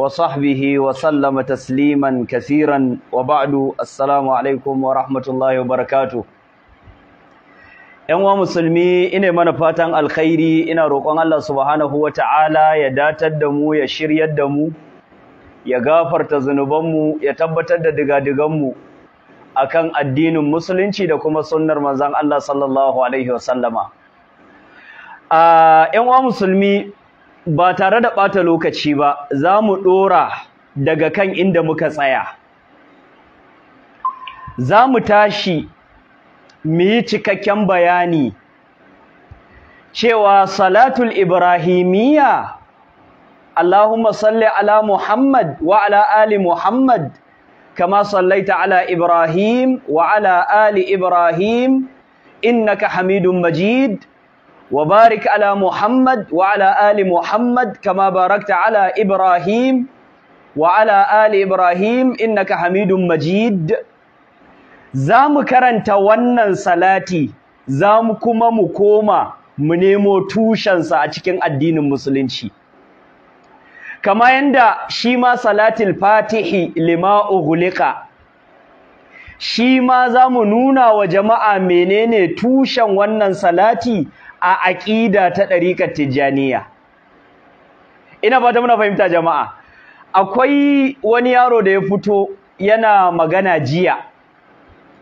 وصحبه وسلم تسليما كثيرا وبعد السلام عليكم ورحمة الله وبركاته ‘Yan wa musulmi ina mana fatan alkhairi ina roƙon Allah subhanahu wa ta'ala ya datar da mu ya shiryar da mu, ya gafarta mu, ya tabbatar da digadiganmu mu akan addinin musulunci da kuma sunnar manzan Allah sallallahu Alaihi wasallama. ‘Yan wa musulmi ba tare da ɓata lokaci ba za mu ɗora daga kan inda muka tsaya za mu tashi mu yi cikakken bayani cewa salatul ibrahimiyya Allahumma salli ala Muhammad wa ala ali Muhammad kama sallaita ala Ibrahim wa ala ali Ibrahim innaka Hamidum Majid وبارك على Muhammad. وعلى آل محمد Ibrahim wa على إبراهيم وعلى آل إبراهيم إنك حميد مجيد zamu karanta wannan salati za kuma mu koma mu nemo tushensa a cikin addinin musulunci kama yanda shi ma salatul fatihi lima Ugulika shi ma zamu nuna wa jama'a menene tushen wannan salati a aƙida ta ɗariƙar tijjaniya ina fata muna fahimta jama'a akwai wani yaro da ya fito yana magana jiya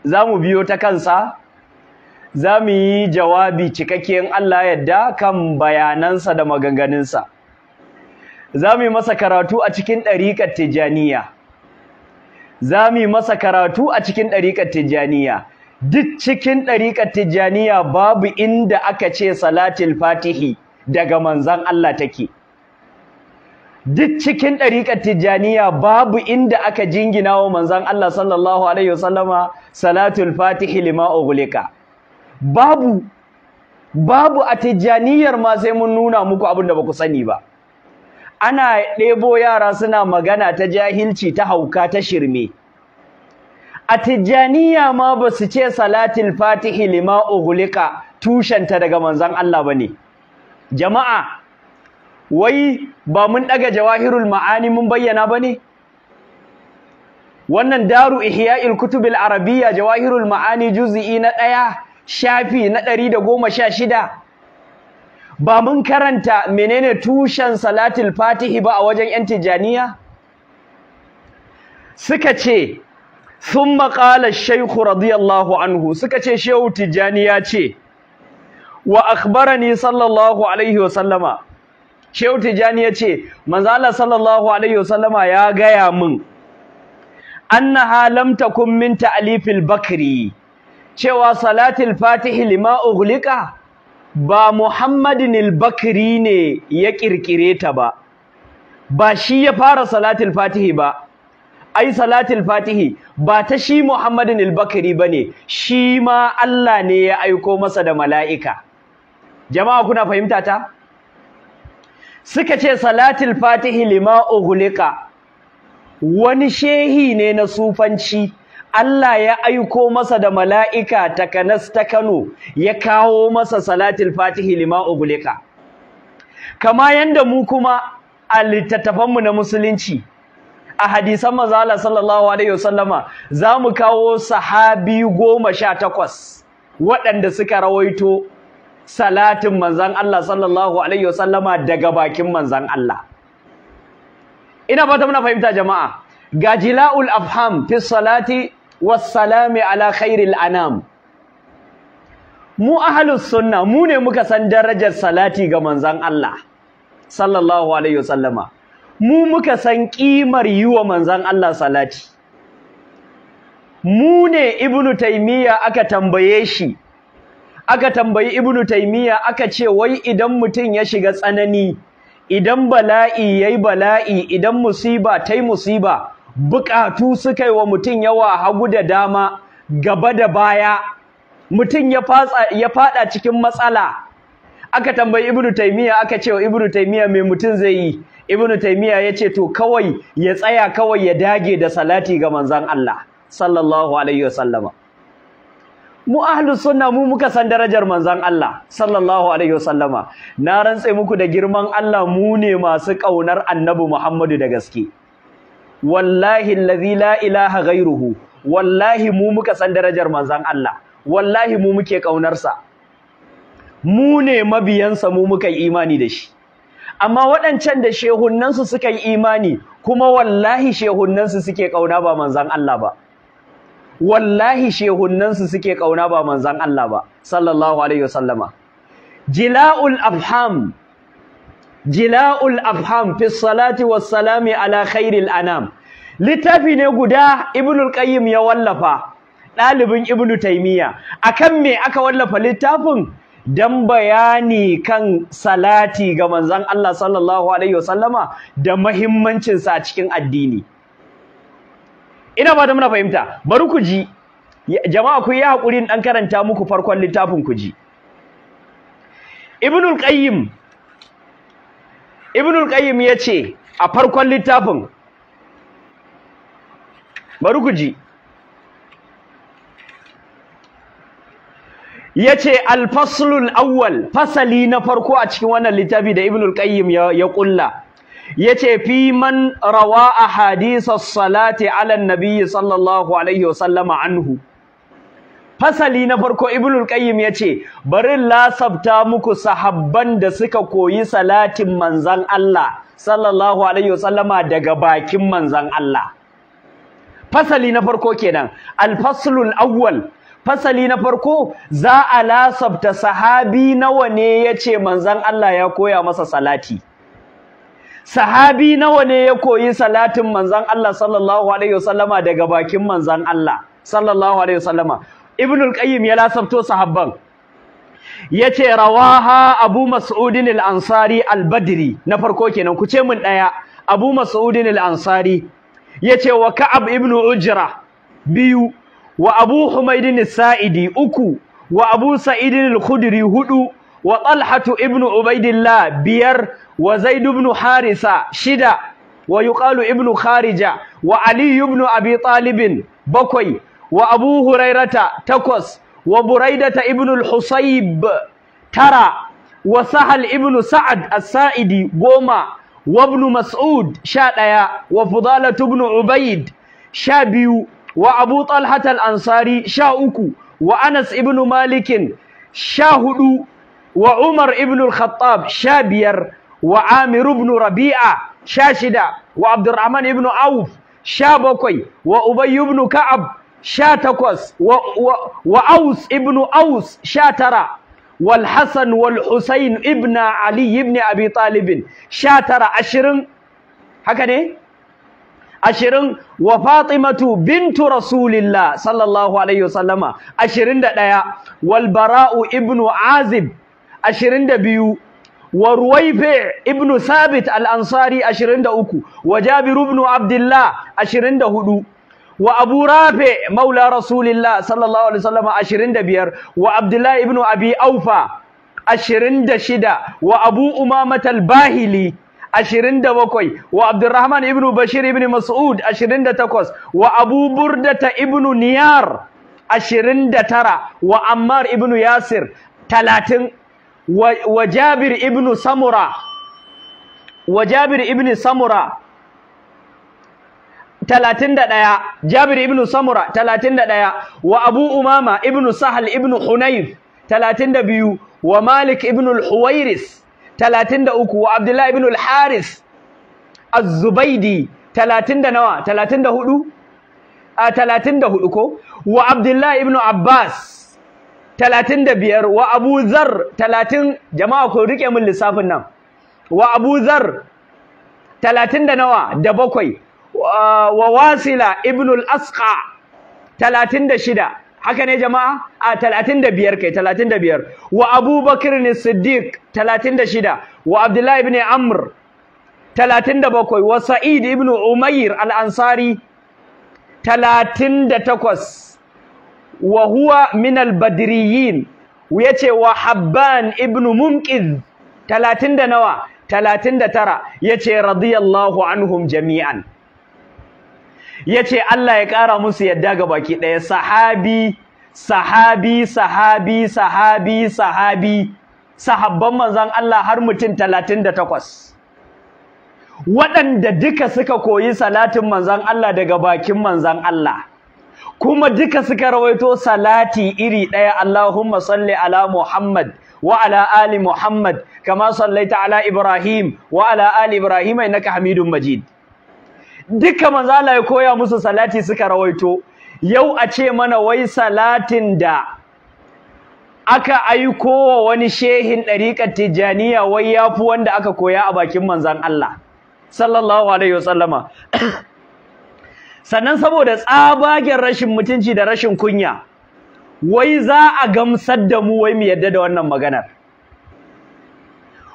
za mu biyo ta kansa za mu yi jawabi cikakken Allah yadda kan bayanansa da maganganunsa za mu yi masa karatu a cikin ɗariƙar tijjaniya za mu yi masa karatu a cikin ɗariƙar tijjaniya duk cikin ɗariƙar tijjaniya babu inda aka ce salatul fatihi daga manzan Allah take duk cikin ɗariƙar tijjaniya babu inda aka jingina wa manzan Allah sallallahu alaihi wasallama salatul fatihi lima babu babu a tijjaniyar ma sai mun nuna muku abin da baku sani ba ana ɗebo yara suna magana ta jahilci ta hauka ta shirme a tijjaniya ma ba su ce salatul fatihi lima ughliqa tushenta daga manzon Allah ne. jama'a wai ba mun daga jawahirul ma'ani mun bayyana bane wannan daru ihya'il kutubil arabiyya jawahirul ma'ani juz'i na ɗaya shafi na ɗari da goma sha shida ba mun karanta menene tushen salatul fatihi ba a wajen yan Tijjaniya? suka ce thumma qala ash radiyallahu anhu suka ce shehu tijani ya ce wa akhbarani sallallahu alaihi wa sallama shehu tijani ya ce manzo sallallahu alaihi wa sallama ya gaya min annaha lam takun min ta'lifil bakri cewa salatul fatihi lima ugliƙa. ba muhammadin al-bakri ne ya kirkire ta ba ba shi ya fara salatul fatihi ba ai salatul fatihi ba ta shi Muhammadin al ba ne, shi ma Allah ne ya aiko masa da mala'ika jama'a kuna fahimta ta suka ce salatul fatihi lima ogulika wani shehi ne na sufanci Allah ya aiko masa da mala'ika takanas ta Kano ya kawo masa salatul fatihi lima ughliqa kama yanda mu kuma a littattafanmu na musulunci a hadisan mazala sallallahu alaihi wasallama za mu kawo sahabi goma sha takwas waɗanda suka rawaito salatin manzan Allah sallallahu alaihi wasallama daga bakin manzan Allah ina fata muna fahimta jama'a gajila'ul afham fi salati salami ala khairil anam mu ahlus sunna mu ne muka san darajar salati ga manzan Allah sallallahu alaihi wasallama mu muka san ƙimar yi wa manzan Allah salati mu ne ibnu taimiyya aka tambaye shi aka tambayi ibnu taimiyya aka ce wai idan mutum ya shiga tsanani idan bala'i yayi bala'i idan musiba tai musiba buƙatu suka yi wa mutum yawa hagu da dama gaba da baya mutum ya ya cikin matsala aka tambayi ibnu taimiyya aka ce wa ibnu taimiyya mai mutum zai yi Ibn taymiya yace to kawai ya tsaya kawai ya dage da salati ga manzon Allah sallallahu alaihi wasallama mu ahlus sunna mu muka san darajar manzon Allah sallallahu alaihi wasallama na rantse muku da girman Allah mu ne masu kaunar annabi Muhammadu da gaske wallahi allazi la ilaha ghairuhu wallahi mu muka san darajar manzon Allah wallahi mu muke kaunar sa mu ne mabiyansa mu muka imani da shi amma waɗancan da shehunnansu suka yi imani kuma wallahi shehunansu suke ƙauna ba manzan Allah ba wallahi shehunansu suke ƙauna ba manzan Allah ba sallallahu alaihi wasallama jila'ul afham jila'ul afham fi salati wassalami ala khairil anam littafi ne guda Ibn qayyim ya wallafa ɗalibin ibnu taymiya akan me aka wallafa littafin dan bayani kan salati ga manzon Allah sallallahu alaihi wasallama da mahimmancinsa a cikin addini ina ba da muna fahimta bari ku ji jama'a ku yi hakurin ɗan karanta muku farkon littafin ku ji Ibnul Qayyim Ibnul Qayyim yace a farkon littafin bari ku ji yace al-faslul awwal fasali na farko a cikin wannan littafi da ibnul qayyim ya kulla yace fi man rawa a as-salati ala an-nabi sallallahu alaihi wasallama anhu fasali na farko ibnul qayyim yace bari lasabta muku sahabban da suka koyi salatin manzan Allah sallallahu alaihi wasallama daga bakin manzan Allah fasali na farko kenan al-faslul awwal fasali na farko za a lasabta sahabi nawa ne ya ce manzan Allah ya koya masa salati sahabi nawa ne ya koyi salatin manzan Allah sallallahu alaihi wasallama daga bakin manzan Allah sallallahu alaihi wasallama ibn al ya lasabto sahabban yace rawaha abu mas'udin al-ansari al-badri na farko kenan ku ce mun daya abu mas'udin al-ansari yace wa ka'ab ibn ujra biyu wa abu humaydin uku wa abu sa'idin al hudu wa talhatu ibnu ubaidillah biyar wa zaid harisa shida wa yuqalu ibnu kharija wa ali ibn abi talib bakwai wa abu hurairata takwas wa buraidata ibn al tara wa sahal Ibnu sa'ad as-sa'idi goma wa ibn mas'ud sha ɗaya, wa fudalatu ibn ubaid sha biyu wa Abu Talha ansari sha uku wa Anas Ibnu Malikin sha hudu wa Umar Ibnu khattab sha biyar wa Amir Bnu Rabi'a sha shida wa Abdurrahman ibn Auf sha bakwai wa Ubay Ibnu Ka'ab sha takwas wa, wa, wa Aus Ibnu Aus sha tara wal Hassan wal Husayn ibn Ali Ibni Abi Talib sha tara ashirin haka ne ashirin wa fatimatu bintu rasulillah sallallahu alaihi wasallama ashirin da ɗaya wal bara'u ibnu azib ashirin da biyu wa ruwaife ibnu sabit al-ansari ashirin da uku wa jabiru ibnu abdullah ashirin da hudu wa abu rafe maula rasulillah sallallahu alaihi wasallama ashirin da biyar wa abdullahi ibnu abi aufa ashirin da shida wa abu umamatal bahili Ashirin da 27 wa Abdurrahman ibn Bashir ibn Mas'ud ashirin da takwas wa Abu Burdata ibn Niyar tara wa Ammar ibn Yasir talatin wa, Jabir ibn Samura wa Jabir ibn Samura 31 Jabir ibn Samura 31 wa Abu Umama ibn Sahal ibn Hunayf biyu wa Malik ibn al-Huwairis Talatin da uku wa Abdullahi ibn al-Haris az-Zubaydi talatin da nawa talatin da 34 a hudu ko wa Abdullahi ibn Abbas talatin da biyar? wa Abu Zar 30 jama'a ko rike min lissafin nan wa Abu Zar 30 da nawa da bakwai wa Wasila ibn al-Asqa shida. haka ne jama'a a 35 kai 35 wa abubakar ne siddiq 36 wa abdullahi ibn amr 37 wa sa'id ibn umair al-ansari 38 wa huwa min al-badriyin yace wa habban ibn munqidh 30 da nawa 39 yace radiyallahu anhum jami'an Ya ce Allah ya ƙara musu yadda ga baki ɗaya sahabi sahabi sahabi sahabi sahabi sahabban manzan Allah har mutum talatin da takwas. waɗanda duka suka koyi salatin manzan Allah daga bakin manzan Allah kuma duka suka rawaito salati iri ɗaya Allahumma salli ala Muhammad wa ala ali Muhammad kama sallaita ala Ibrahim wa ala ali Ibrahim innaka Hamidun Majid duka manzo Allah ya koya musu salati suka rawaito yau a ce mana wai salatin da aka aiko wa wani shehin ɗariƙar Tijaniya wai ya fi wanda aka koya a bakin manzan Allah sallallahu alaihi wasallama sannan saboda tsabagen rashin mutunci da rashin kunya wai za a gamsar da mu wai mu yadda da wannan maganar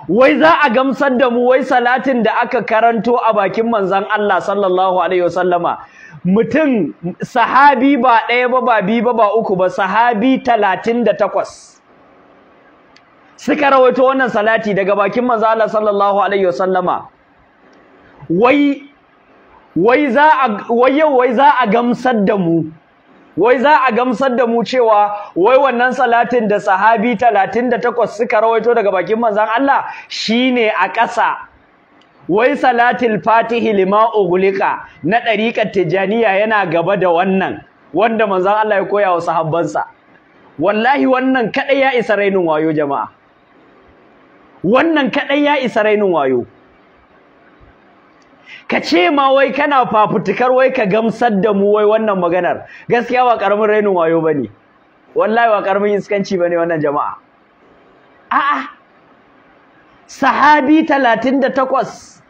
wai za a gamsar da mu wai salatin da aka karanto a bakin manzon Allah sallallahu alaihi wasallama mutum sahabi ba ɗaya ba ba biyu ba ba uku ba sahabi talatin da takwas suka rawaito wannan salati daga bakin manzan Allah sallallahu alaihi wasallama wai wai za a wai yau wai za a gamsar da mu wai za a gamsar da mu cewa wai wannan salatin da sahabi 38 suka rawaito daga bakin manzan Allah Shi ne a ƙasa wai Salatin fatihi lima ughliqa na ɗariƙar tijaniya yana gaba da wannan wanda manzan Allah ya koya wa sahabbansa wallahi wannan kaɗai ya isa rainin wayo jama'a wannan kaɗai ya isa rainin wayo ka ce ma wai kana fafutukar wai ka gamsar da mu wai wannan maganar gaskiya ba karamin rainin wayo bane wallahi ba karamin iskanci bane wannan jama'a a'a sahabi 38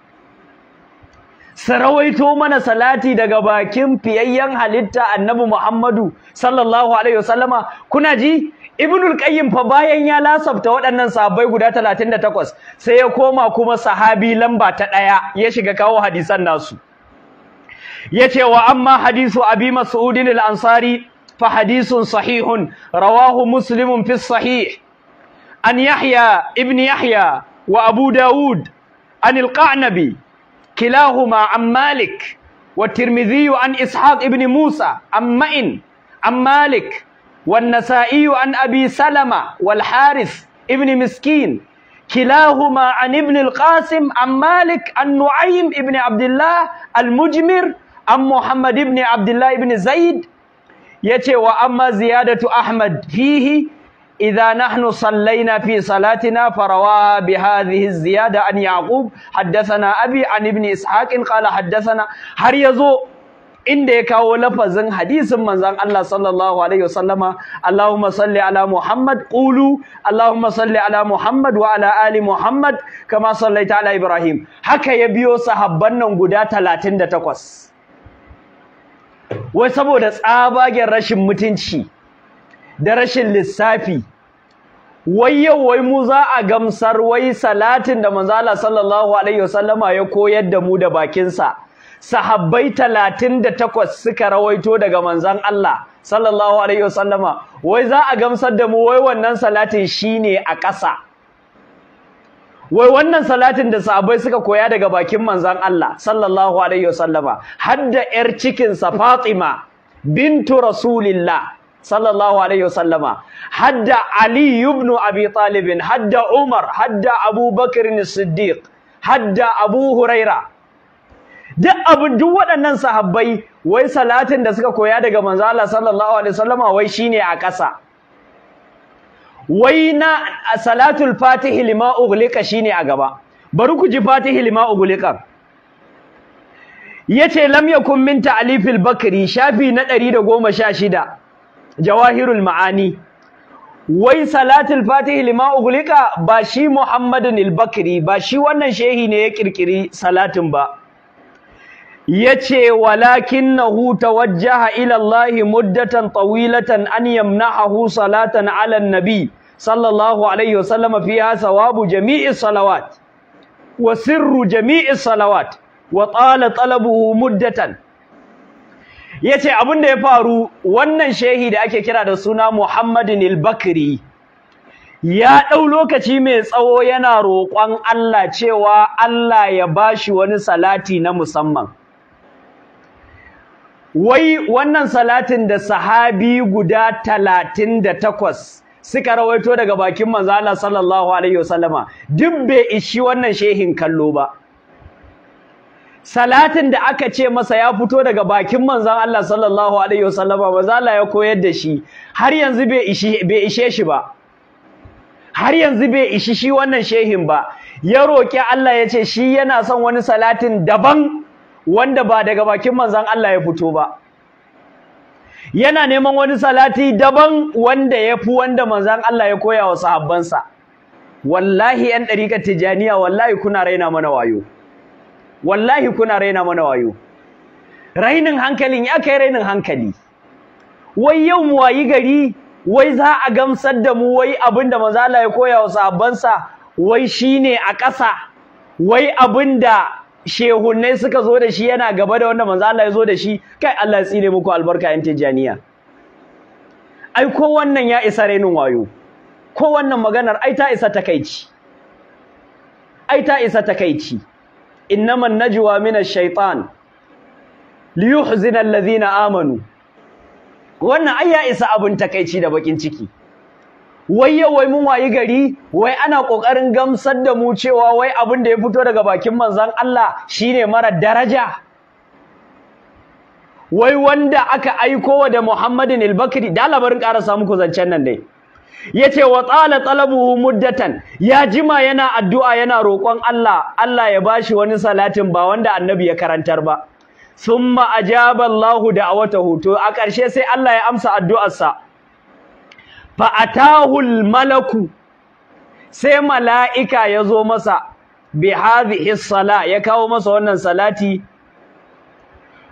su rawaito mana salati daga bakin fiyayyen halitta annabi Muhammadu sallallahu alaihi wasallama kuna ji Ibnul Qayyim fa bayan ya lasafta waɗannan sahabbai guda 38 sai ya koma kuma sahabi lamba ta ɗaya ya shiga kawo hadisan nasu yace wa amma hadisu Abi Mas'ud al-Ansari fa hadisun sahihun rawahu Muslim fi sahih an Yahya ibn Yahya wa Abu Dawud an al-Qanabi kilahuma an Malik والترمذي an Ishaq Ibn Musa عن معن عن malik والنسائي عن أبي سلمة والحارث ابن مسكين كلاهما عن ابن القاسم عن مالك عن نعيم ابن عبد الله المجمر عن محمد ابن عبد الله ابن زيد يتي وأما زيادة أحمد فيه إذا نحن صلينا في صلاتنا فرواها بهذه الزيادة عن يعقوب حدثنا أبي عن ابن إسحاق قال حدثنا هر يزو inda ya kawo lafazin hadisin manzon Allah sallallahu alaihi wasallama Allahumma salli ala Muhammad qulu Allahumma salli ala Muhammad wa ala ali Muhammad kama sallaita ala Ibrahim haka ya biyo sahabban nan guda 38 wai saboda tsabagen rashin mutunci da rashin lissafi wai yau wai mu za a gamsar wai salatin da manzo Allah sallallahu alaihi wasallama ya koyar da mu da bakinsa sahabbai 38 suka rawaito daga manzon Allah sallallahu alaihi wasallama wai za a gamsar da mu wai wannan salatin shine a ƙasa wai wannan salatin da sahabbai suka koya daga bakin manzon Allah sallallahu alaihi wasallama har yar cikin sa Fatima bintu Rasulillah sallallahu alaihi wasallama hadda Ali ibn Abi Talib hadda Umar hadda Abu Bakr as-Siddiq hadda Abu Huraira duk abin duk waɗannan sahabbai wai salatin da suka koya daga manzo Allah sallallahu alaihi wasallam wai shine a ƙasa wai na salatul fatihi lima ughliqa shine a gaba bari ku ji fatihi lima ughliqa yace lam yakun min ta'lifil bakri shafi na 116 jawahirul ma'ani wai salatul fatihi lima ughliqa ba shi muhammadun al-bakri ba shi wannan shehi ne ya kirkiri salatin ba yace walakinahu tawajjaha ila Allah muddatan tawilatan an yamna'ahu salatan 'ala nabi sallallahu alaihi wasallam fiha sawabu jami'i salawat wa sirru jami'i salawat wa tala talabuhu muddatan yace abin da ya faru wannan shehi da ake kira da suna Muhammadin al-Bakri ya ɗau lokaci mai tsawo yana roƙon Allah cewa Allah ya bashi wani salati na musamman wai wannan salatin da sahabi guda talatin da takwas suka rawaito daga bakin manzo Allah sallallahu alaihi wasallama duk bai ishi wannan shehin kallo ba salatin da aka ce masa ya fito daga bakin manzon Allah sallallahu alaihi wasallama manzo Allah ya koyar da shi har yanzu bai ishe shi ba har yanzu bai ishi shi wannan shehin ba ya roƙe Allah ya ce shi yana son wani salatin daban wanda ba daga bakin manzon Allah ya fito ba yana neman wani salati daban wanda ya fi wanda manzon Allah ya koya wa sahabbansa wallahi yan ɗariƙar tijaniya wallahi kuna raina mana wayo wallahi kuna raina mana wayo rainin hankalin ya kai rainin hankali wai yau mu wayi gari wai za a gamsar da mu wai abin da Allah ya koya wa sahabbansa wai shine a ƙasa wai abin da shehunnai suka zo da shi yana gaba da wanda manzo Allah ya zo da shi kai Allah ya tsire muku albarka yan tijaniya ai ko wannan ya isa renin wayo ko wannan maganar ai ta isa takeici ai ta isa takeici innaman najwa minash shaitan liyuhzina alladhina amanu wannan ai ya isa abun takaici da bakin ciki wai yau wai mun wayi gari wai ana kokarin gamsar da mu cewa wai abin da ya fito daga bakin manzon Allah shine mara daraja wai wanda aka aiko wa da Muhammadin al-Bakri da labarin karasa muku zancen nan dai yace wa tsala talabuhu muddatan ya jima yana addu'a yana roƙon Allah Allah ya bashi wani salatin ba wanda annabi ya karantar ba summa ajaba Allahu da'awatahu to a ƙarshe sai Allah ya amsa addu'arsa fa'atahul malaku sai mala'ika ya zo masa bi hadhihi sala ya kawo masa wannan salati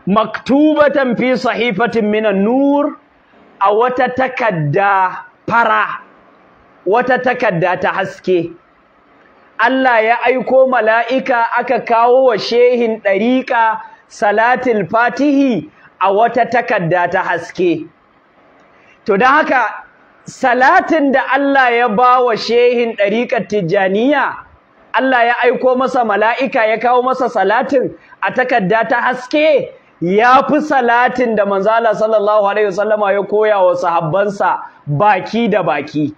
maktubatan fi sahifatin minan nur a wata takadda fara wata takadda ta haske Allah ya aiko mala'ika aka kawo wa shehin ɗariƙa salatul fatihi a wata takadda ta haske to don haka salatin da Allah ya ba wa shehin ɗariƙar tijjaniya Allah ya aiko masa mala'ika ya kawo masa salatin a takarda ta haske ya fi salatin da manzala sallallahu alaihi wasallama ya koya wa sahabbansa baki da baki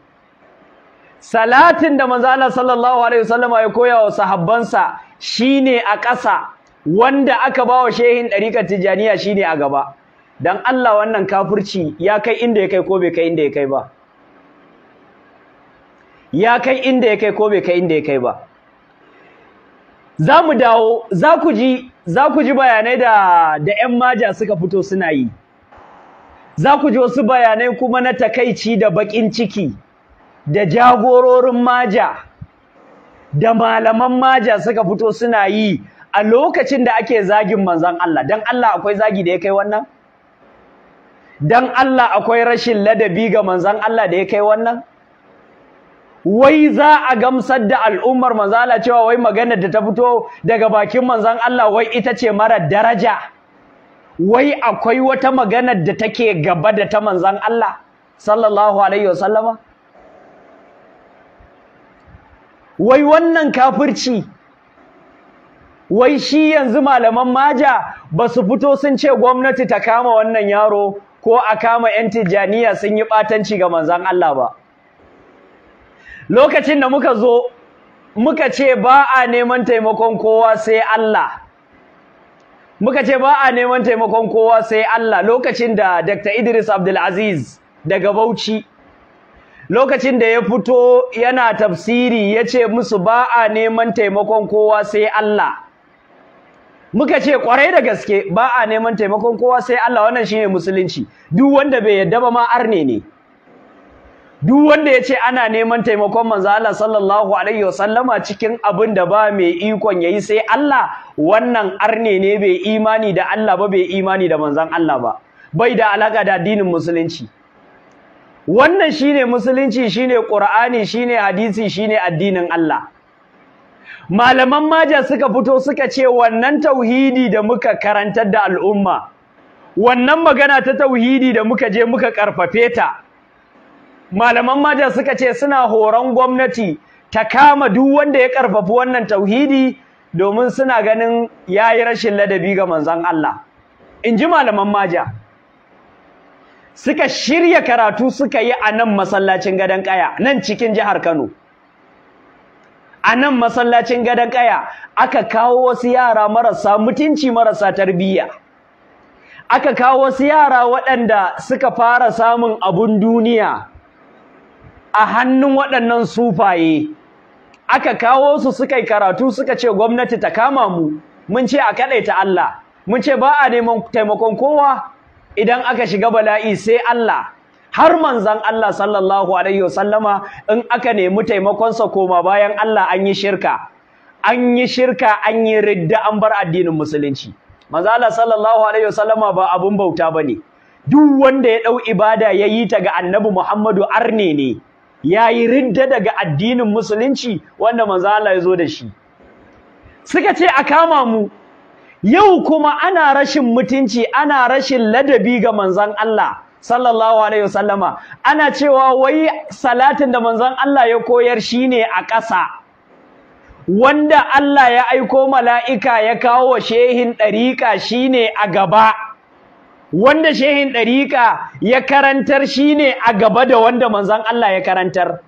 salatin da manzala sallallahu alaihi wasallama ya koya wa sahabbansa shi ne a ƙasa wanda aka ba wa shehin ɗariƙar tijjaniya ne a gaba Don Allah wannan kafurci ya kai inda ya kai ko bai kai inda ya kai ba ya kai inda ya kai ko bai kai inda ya kai ba za mu dawo za ku ji za ku ji bayanai da da ƴan maja suka fito suna yi za ku ji wasu bayanai kuma na takaici da baƙin ciki da jagororin maja da malaman maja suka fito suna yi a lokacin da ake zagin manzon Allah dan Allah akwai zagi da ya kai wannan dan Allah akwai rashin ladabi ga manzon Allah da ya kai wannan wai za a gamsar da al'ummar Allah cewa wai maganar da ta fito daga bakin manzan Allah wai ita ce mara daraja wai akwai wata maganar da take gaba da ta manzan Allah sallallahu alaihi wasallama wai wannan kafirci wai shi yanzu malaman maja ba su fito sun ce gwamnati ta kama wannan yaro ko a kama 'yan tijjaniya sun yi ɓatanci ga manzon Allah ba lokacin da muka zo muka ce ba a neman taimakon kowa sai Allah muka ce ba a neman taimakon kowa sai Allah lokacin da Dr. Idris Abdulaziz daga Bauchi lokacin da ya fito yana tafsiri yace musu ba a neman taimakon kowa sai Allah muka ce kwarai da gaske ba a neman taimakon kowa sai Allah wannan shine musulunci duk wanda bai yadda ba ma arne ne duk wanda ya ce ana neman taimakon manzo Allah sallallahu alaihi wasallama cikin abin da ba mai ikon yayi sai Allah wannan arne ne bai imani da Allah ba bai imani da manzon Allah ba bai da alaka da addinin musulunci wannan shine musulunci shine qur'ani shine hadisi shine addinin Allah malaman maja suka fito suka ce wannan tauhidi da muka karantar da al'umma wannan magana ta tauhidi da muka je muka karfafeta. ta malaman maja suka ce suna horon gwamnati ta kama duk wanda ya karfafi wannan tauhidi domin suna ganin yayi rashin ladabi ga manzon Allah in ji malaman maja suka shirya karatu suka yi a nan masallacin gadon kaya nan cikin jihar Kano a nan masallacin gadon kaya aka kawo wasu yara marasa mutunci marasa tarbiyya aka kawo wasu yara waɗanda suka fara samun abun duniya a hannun waɗannan sufaye aka kawo su suka yi karatu suka ce gwamnati ta kama mu mun ce a kaɗaita Allah mun ce ba a neman taimakon kowa idan aka shiga bala'i sai Allah har manzan Allah sallallahu alaihi wasallama in aka nemi taimakonsa koma bayan Allah an yi shirka an yi shirka an yi ridda an bar addinin musulunci manzan Allah sallallahu alaihi wasallama ba abun bauta bane duk wanda ya dau ibada yayi ta ga annabi Muhammadu arne ne Ya yi ridda daga addinin musulunci wanda manzo Allah ya zo da shi suka ce a kama mu yau kuma ana rashin mutunci ana rashin ladabi ga manzon Allah sallallahu alaihi wasallama ana cewa wai salatin da manzon Allah ya koyar shine a ƙasa wanda Allah ya aiko mala'ika ya kawo shehin ɗariƙa shine a gaba wanda shehin ɗariƙa ya karantar shi ne a gaba da wanda manzan Allah ya karantar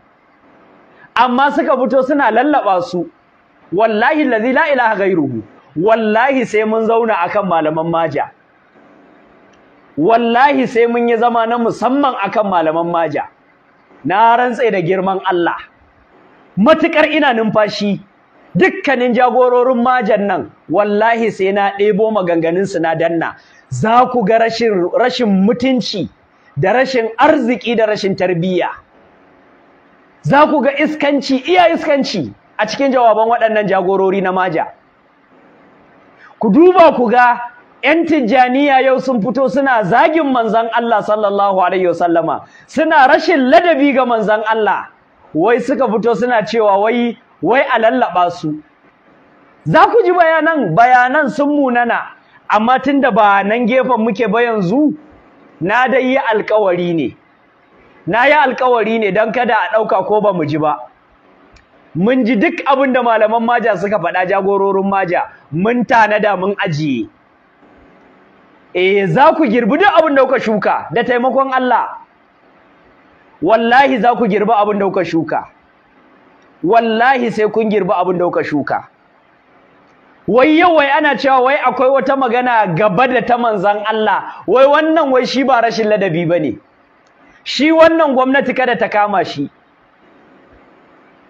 amma suka fito suna lallaɓa su wallahi Lazila la ilaha rubu, wallahi sai mun zauna akan malaman maja wallahi sai mun yi zama na musamman akan malaman maja na rantse da girman Allah Matuƙar ina numfashi dukkanin jagororin majan nan wallahi sai na ɗebo maganganun na danna za ku ga rashin mutunci da rashin arziki da rashin tarbiyya za ku ga iskanci iya iskanci a cikin jawaban waɗannan jagorori na maja ku duba ku ga 'yan tijjaniya yau sun fito suna zagin manzan Allah sallallahu alaihi wasallama suna rashin ladabi ga manzan Allah wai suka fito suna cewa wai wai a lallaɓa su za ku ji bayanan bayanan sun munana amma tunda ba nan gefen muke ba yanzu na dai yi alkawari ne na yi alkawari ne don kada a ɗauka ko ba mu ji ba mun ji duk abin da malaman maja suka faɗa jagororin maja mun tanada mun ajiye eh za ku girbi duk abin da kuka shuka da taimakon Allah wallahi za ku girbi abin da kuka shuka wallahi sai kun girbi abin da kuka shuka wai yau wai ana cewa wai akwai wata magana gaba da ta manzan Allah wai wannan wai shi ba rashin ladabi ba ne. shi wannan gwamnati kada ta kama shi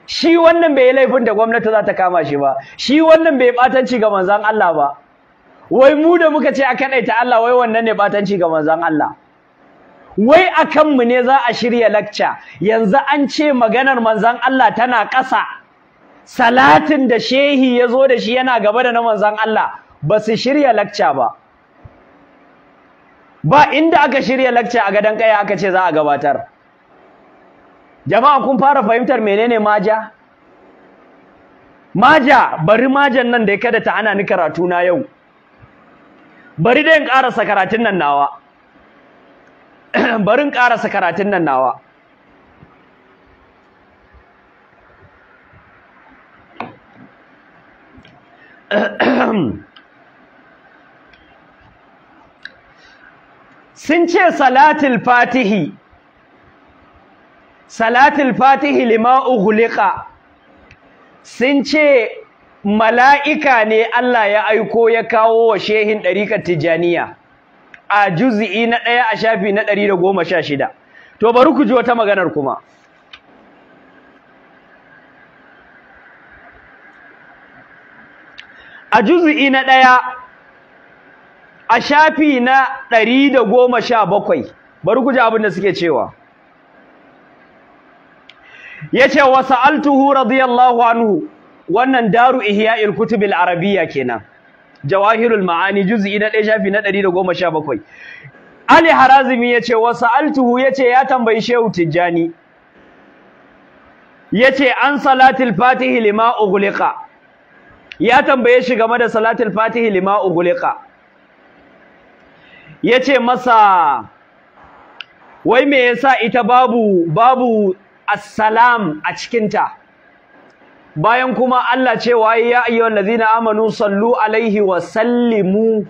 shi wannan bai laifin da gwamnati za ta kama shi ba shi wannan bai batanci ga manzan Allah ba wai mu da muka ce a kaɗaita Allah wai wannan ne batanci ga manzan Allah wai a kanmu ne za a shirya lakca yanzu an ce maganar manzan Allah tana ƙasa salatin da shehi ya zo da shi yana gaba da na manzan Allah ba su shirya lakca ba ba inda aka shirya lakca a gadon kaya aka ce za a gabatar jama'a kun fara fahimtar menene maja maja bari majan nan da ya kada ta ana ni karatu na yau bari da in karasa karatun nan nawa bari karatun nan nawa sun ce salatul fatihi salatul fatihi lima ughliqa sun ce mala'ika ne Allah ya aiko ya kawo wa shehin ɗarikar tijaniya a juz'i na ɗaya a shafi na ɗari da goma sha shida to bari ku ji wata maganar kuma a juz'i na ɗaya a shafi na ɗari da goma sha bakwai bari ku ji abin da suke cewa Ya yace wa sa'altuhu radiyallahu anhu wannan daru ihya'il kutubil arabiya kenan jawahirul ma'ani juzu'i na ɗaya, shafi na ɗari da goma sha bakwai. ali harazimi ce wa sa'altuhu yace ya tambayi shehu tijjani Ya ce an salatil fatihi lima ughliqa ya tambaye shi game da salatul fatihi lima ughliqa yace masa wai me yasa ita babu babu assalam a cikinta bayan kuma Allah ce cewa ya ayyuhal ladina amanu sallu alaihi wa sallimu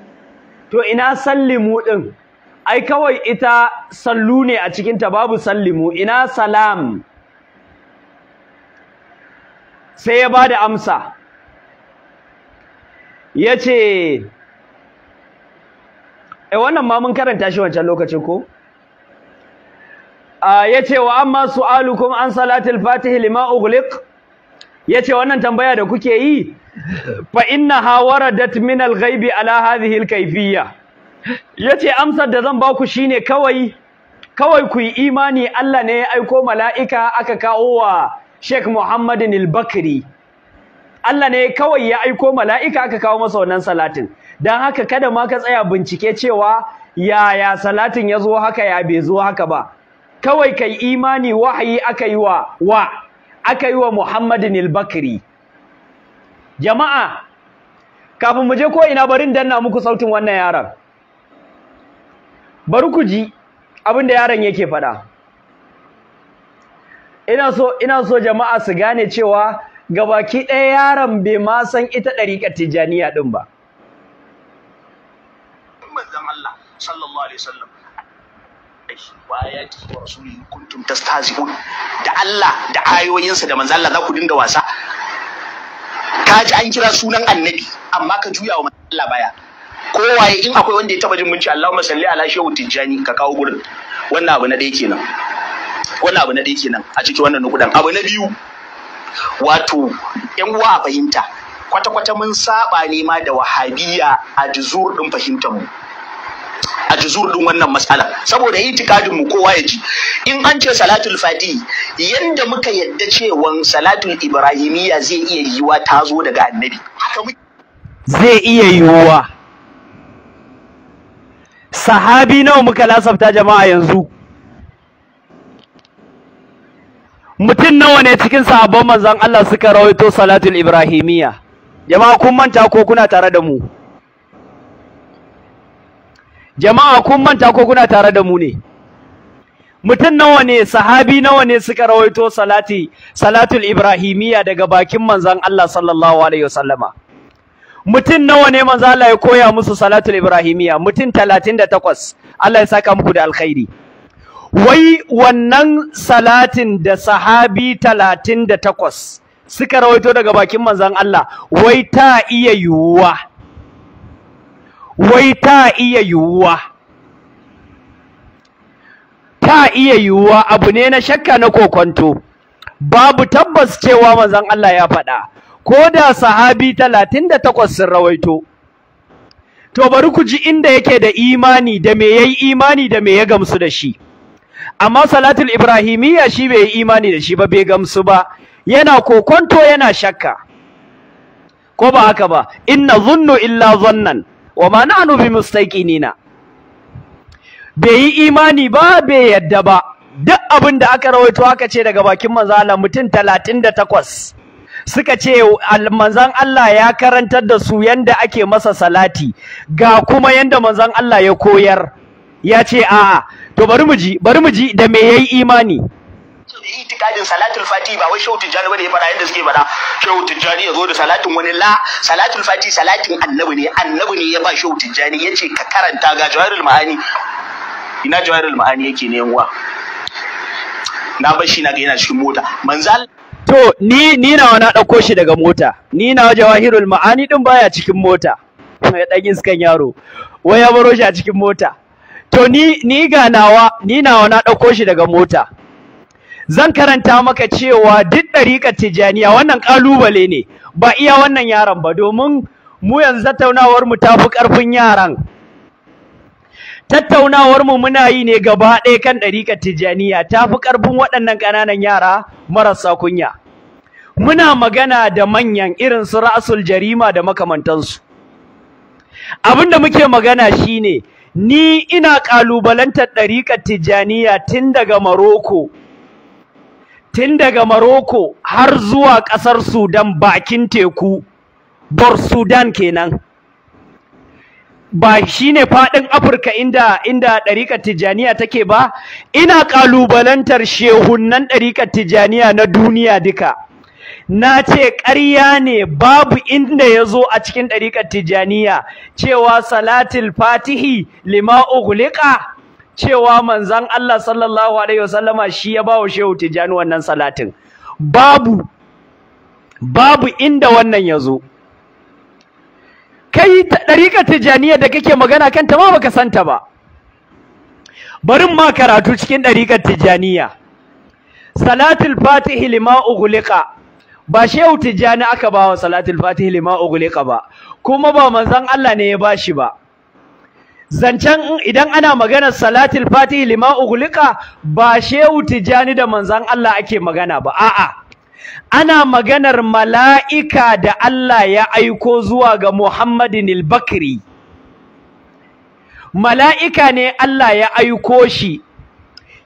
to ina sallimu din ai kawai ita sallu ne a cikinta babu sallimu ina salam sai ya bada amsa ya ce e wannan ma mun karanta shi wancan lokacin ko ah, ya ce wa amma su'alukum an salatul fatihi lima ugliq? ya ce wannan tambaya da kuke yi fa ina waradat min gaibi ala hadhihi kaifiyya ya ce amsar da zan ba baku shine kawai kawai ku yi imani Allah ne ya aiko mala'ika aka kawo wa Sheikh Muhammadu al-Bakri Allah ne kawai ya aiko mala'ika aka kawo masa wannan salatin dan haka kada ma ka tsaya bincike cewa yaya salatin ya zo haka ya bai zo haka ba kawai kai imani wahayi aka yi wa wa aka yi wa Muhammadin al-Bakri jama'a kafin mu je ko ina barin danna muku sautin wannan yaron bari ku ji abin da yaron yake faɗa ina so ina so jama'a su gane cewa gabaki ɗaya yaron bai ma san ita ɗariƙar tijjaniya ɗin ba Allah da Allah da ayoyinsa da Manzala za ku dinga wasa ka ji an kira sunan annabi amma ka juya wa Manzala baya kowaye in akwai wanda ya taba jin munci Allahumma salli ala shehu tijjani ka kawo gurin wannan abu na ɗaya kenan wannan abu na ɗaya kenan a cikin wannan nukudan abu na biyu wato yan uwa a fahimta kwata-kwata mun saba ne ma da wahabiya a juzur din fahimta mu a juzur din wannan matsala saboda itikadin mu kowa ya ji in an ce salatul fati yanda muka yadda cewa salatul ibrahimiyya zai iya yiwa ta zo daga annabi zai iya yiwuwa sahabi nawa muka lasafta jama'a yanzu mutum nawa ne cikin sahabban manzon Allah suka rawaito salatul ibrahimiyya jama'a kun manta ko kuna tare da mu jama'a kun manta ko kuna tare da mu ne mutum nawa ne sahabi nawa ne suka rawaito salati salatul ibrahimiyya daga bakin manzon Allah sallallahu alaihi wasallama mutum nawa ne manzo Allah ya koya musu salatul ibrahimiyya mutum 38 Allah ya saka muku da alkhairi wai wannan salatin da sahabi talatin da takwas suka rawaito daga bakin manzan Allah wai ta iya yiwuwa wai ta iya yiwuwa ta iya yiwuwa abu ne na shakka na kokonto babu tabbas cewa manzan Allah ya faɗa ko da sahabi talatin da takwas sun rawaito to bari ku ji inda yake da imani da me yayi imani da me ya gamsu da shi amma salatul ibrahimiyya shi bai yi imani da shi ba bai gamsu ba yana kokonto yana shakka ko ba haka ba inna zunnu illa zannan wa ma nahnu mustaqinina bai yi imani ba bai yadda ba duk abin da aka rawaito aka ce daga bakin manzo Allah mutum 38 suka ce manzan Allah ya karantar da su yanda ake masa salati ga kuma yanda manzan Allah ya koyar ya ce a'a to bari mu ji bari mu ji da me yayi imani itikadin salatul fati ba wai shehu tijjani bane ya fara yadda suke fara shehu tijjani ya zo da salatin wani la salatul fati salatin annabi ne annabi ne ya ba shehu tijjani yace ka karanta ga jawarul ma'ani ina jawarul ma'ani yake ne yanwa na bar shi na ga yana cikin mota manzal to ni ni nawa na dauko shi daga mota ni nawa jawahirul ma'ani din baya cikin mota ya dan iskan yaro wai ya baro shi a cikin mota to ni ni ga nawa ni nawa na dauko shi daga mota zan karanta maka cewa duk ɗarikar tijaniya wannan kalubale ne ba iya wannan yaran ba domin mu yanzu tattaunawar mu tafi ƙarfin yaran tattaunawar mu muna yi ne gaba ɗaya kan ɗarikar tijaniya tafi karfin waɗannan ƙananan yara marasa kunya muna magana da manyan irin su ra'asul jarima da makamantansu abin da muke magana shine ni ina ƙalubalantar ɗariƙar Tijaniya tun daga maroko tun daga maroko har zuwa ƙasar sudan bakin teku bor sudan kenan ba shi ne faɗin afirka inda inda ɗariƙar tijjaniya take ba ina ƙalubalantar shehunnan ɗariƙar Tijaniya na duniya duka na ce ƙarya ne babu inda ya zo a cikin ɗariƙar tijjaniya cewa salatul fatihi lima Ugulika cewa manzan Allah sallallahu alaihi wasallama shi ya bawa shehu tijjani wannan salatin babu babu inda wannan ya zo kai ɗariƙar tijjaniya da kake magana kanta ma baka santa ba barin ma karatu cikin ɗariƙar tijjaniya salatul fatihi lima Ugulika. ba shehu tijjani aka ba wa salatul fatih lima ughliqa ba kuma ba manzon Allah ne ya bashi ba zancen idan ana maganar salatul fatih lima ughliqa ba shehu tijjani da manzon Allah ake magana ba a'a ana maganar mala'ika da Allah ya aiko zuwa ga Muhammadin al-Bakri mala'ika ne Allah ya aiko shi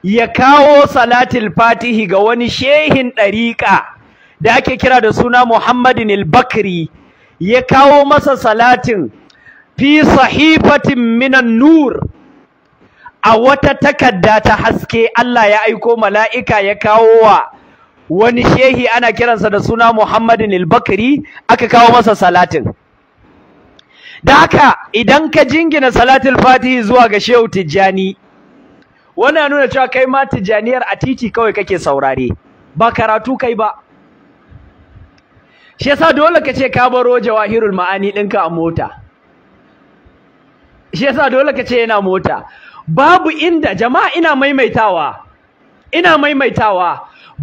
ya kawo salatul fatihi ga wani shehin ɗariƙa da ake kira da suna Muhammadin al-Bakri ya kawo masa salatin fi sahifatin minan nur a wata takarda ta haske Allah ya aiko mala'ika ya kawo wa wani shehi ana kiransa da suna Muhammadin al-Bakri aka kawo masa salatin da haka idan ka jingina salatin fatihi zuwa ga shehu tijjani wannan nuna cewa kai ma tijjaniyar a titi kawai kake saurare ba karatu kai ba shi yasa dole ka ce ka baro jawahirul ma'ani ɗinka a mota shi yasa dole ka ce yana mota babu inda jama'a ina maimaitawa ina maimaitawa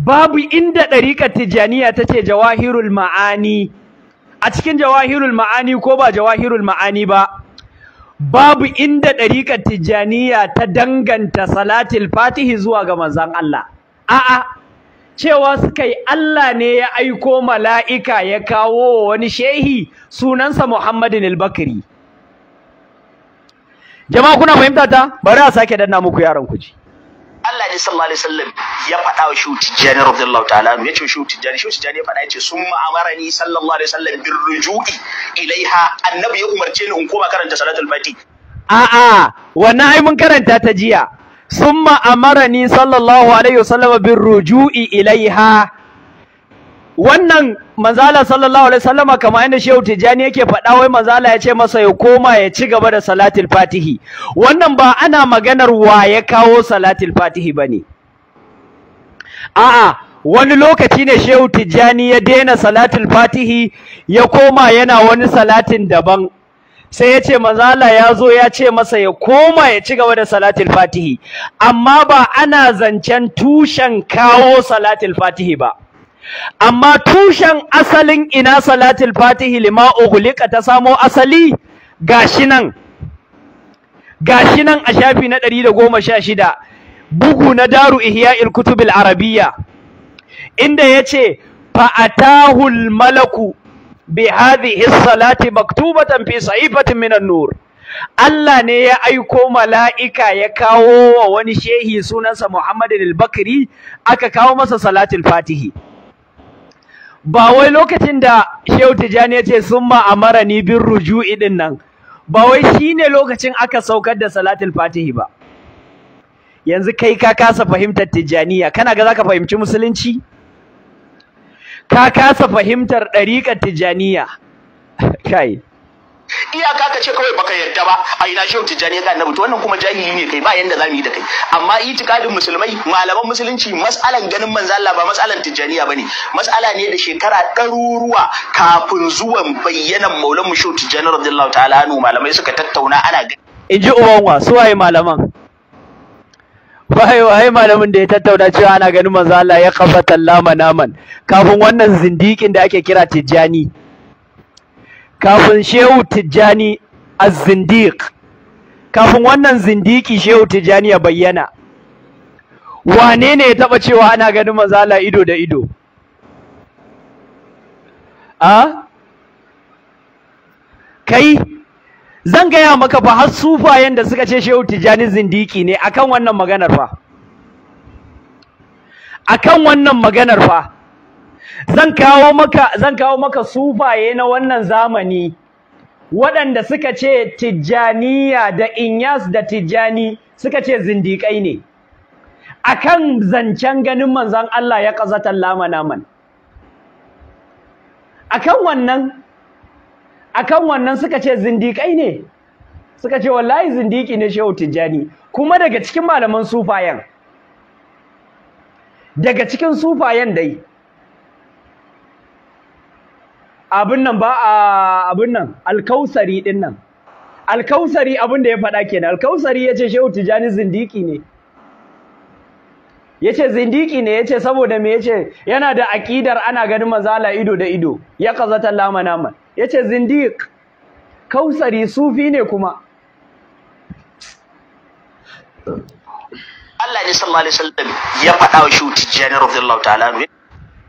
babu inda ɗariƙar Tijjaniya ta ce jawahirul ma'ani a cikin jawahirul ma'ani ko ba jawahirul ma'ani ba babu inda ɗariƙar Tijjaniya ta danganta salatul fatihi zuwa ga manzon Allah a'a cewa suka yi Allah ne ya aiko mala'ika ya kawo wani shehi sunansa Muhammadu al jama'a kuna fahimta ta bari a sake danna muku yaran ku ji Allah ne sallallahu alaihi wasallam ya faɗa wa shu tijani radiyallahu ta'ala ya ce Shuti, tijani Shuti tijani ya faɗa ya ce sun ma'amarani sallallahu alaihi wasallam bir ruju'i ilaiha annabi ya umarce ni in koma karanta salatul fati a'a wannan ai mun karanta ta jiya summa amarani sallallahu alaihi wasallam bin ruju'i ilaiha wannan manzala sallallahu alaihi wasallama kamar yadda shehu tijani yake faɗa wai manzala ya ce masa ya koma ya ci gaba da salatul fatihi wannan ba ana maganar wa ya kawo salatul fatihi bane a'a wani lokaci ne shehu tijani ya daina salatul fatihi ya koma yana wani salatin daban sai ya ce manzala ya zo ya ce masa ya koma ya ci gaba da salatul fatihi amma ba ana zancen tushen kawo salatul fatihi ba amma tushen asalin ina salatul fatihi lima ughliqa ta samo asali gashi nan gashi nan a shafi na 116 bugu na daru il kutubil arabiya. inda yace fa fa'atahul malaku bi his salati maktubatan fi sahifatin minan nur Allah ne ya aiko mala'ika ya kawo wa wani shehi sunansa Muhammadin al-Bakri aka kawo masa salatul fatihi ba wai lokacin da Shehu Tijani ya ce summa ni bin ruju'i din nan ba wai shine lokacin aka saukar da salatul fatihi ba yanzu kai ka kasa fahimtar Tijaniya kana ga zaka fahimci musulunci ka kasa fahimtar ɗariƙar tijaniya kai iyaka ka ce kawai baka yarda ba a ina shehu Tijaniya ga annabi to wannan kuma jahili ne kai ba yanda zamu yi da kai amma itikadin musulmai malaman musulunci mas'alan ganin manzo Allah ba mas'alan tijjaniya ne. Matsala ne da shekara ɗaruruwa kafin zuwan bayyanan maulan mu shehu tijjani radiyallahu ta'ala anhu malamai suka tattauna ana gani in ji su waye malaman wai wai malamin da ya tattauna cewa ana ganin manzo Allah ya kafata lama naman kafin wannan zindikin da ake kira tijjani kafin shehu tijjani az-zindiq kafin wannan zindiki shehu tijjani ya bayyana wane ne ya taba cewa ana ganin manzo Allah ido da ido a ah? kai zan gaya maka fa har sufayen da suka ce shehu tijjani zindiki ne akan wannan maganar fa akan wannan maganar fa zan kawo maka zan kawo maka sufaye na wannan zamani waɗanda suka ce tijjaniya da inyas da tijjani suka ce zindikai ne akan zancen ganin manzon Allah ya qazatan lamana man akan wannan akan wannan suka ce zindiƙai ne suka ce wallahi zindiki ne shehu tijjani kuma daga cikin malaman sufayen daga cikin sufayen dai abin nan ba a abin nan alkausari din nan alkausari abin da ya faɗa kenan alkausari yace shehu tijjani zindiki ne yace zindiki ne yace saboda me yace yana da aƙidar ana ganin manzala ido da ido ya qazata naman. Ya ce zindiq kausari sufi ne kuma Allah ne sallallahu alaihi wasallam ya faɗa wa shuti Tijjani radiyallahu ta'ala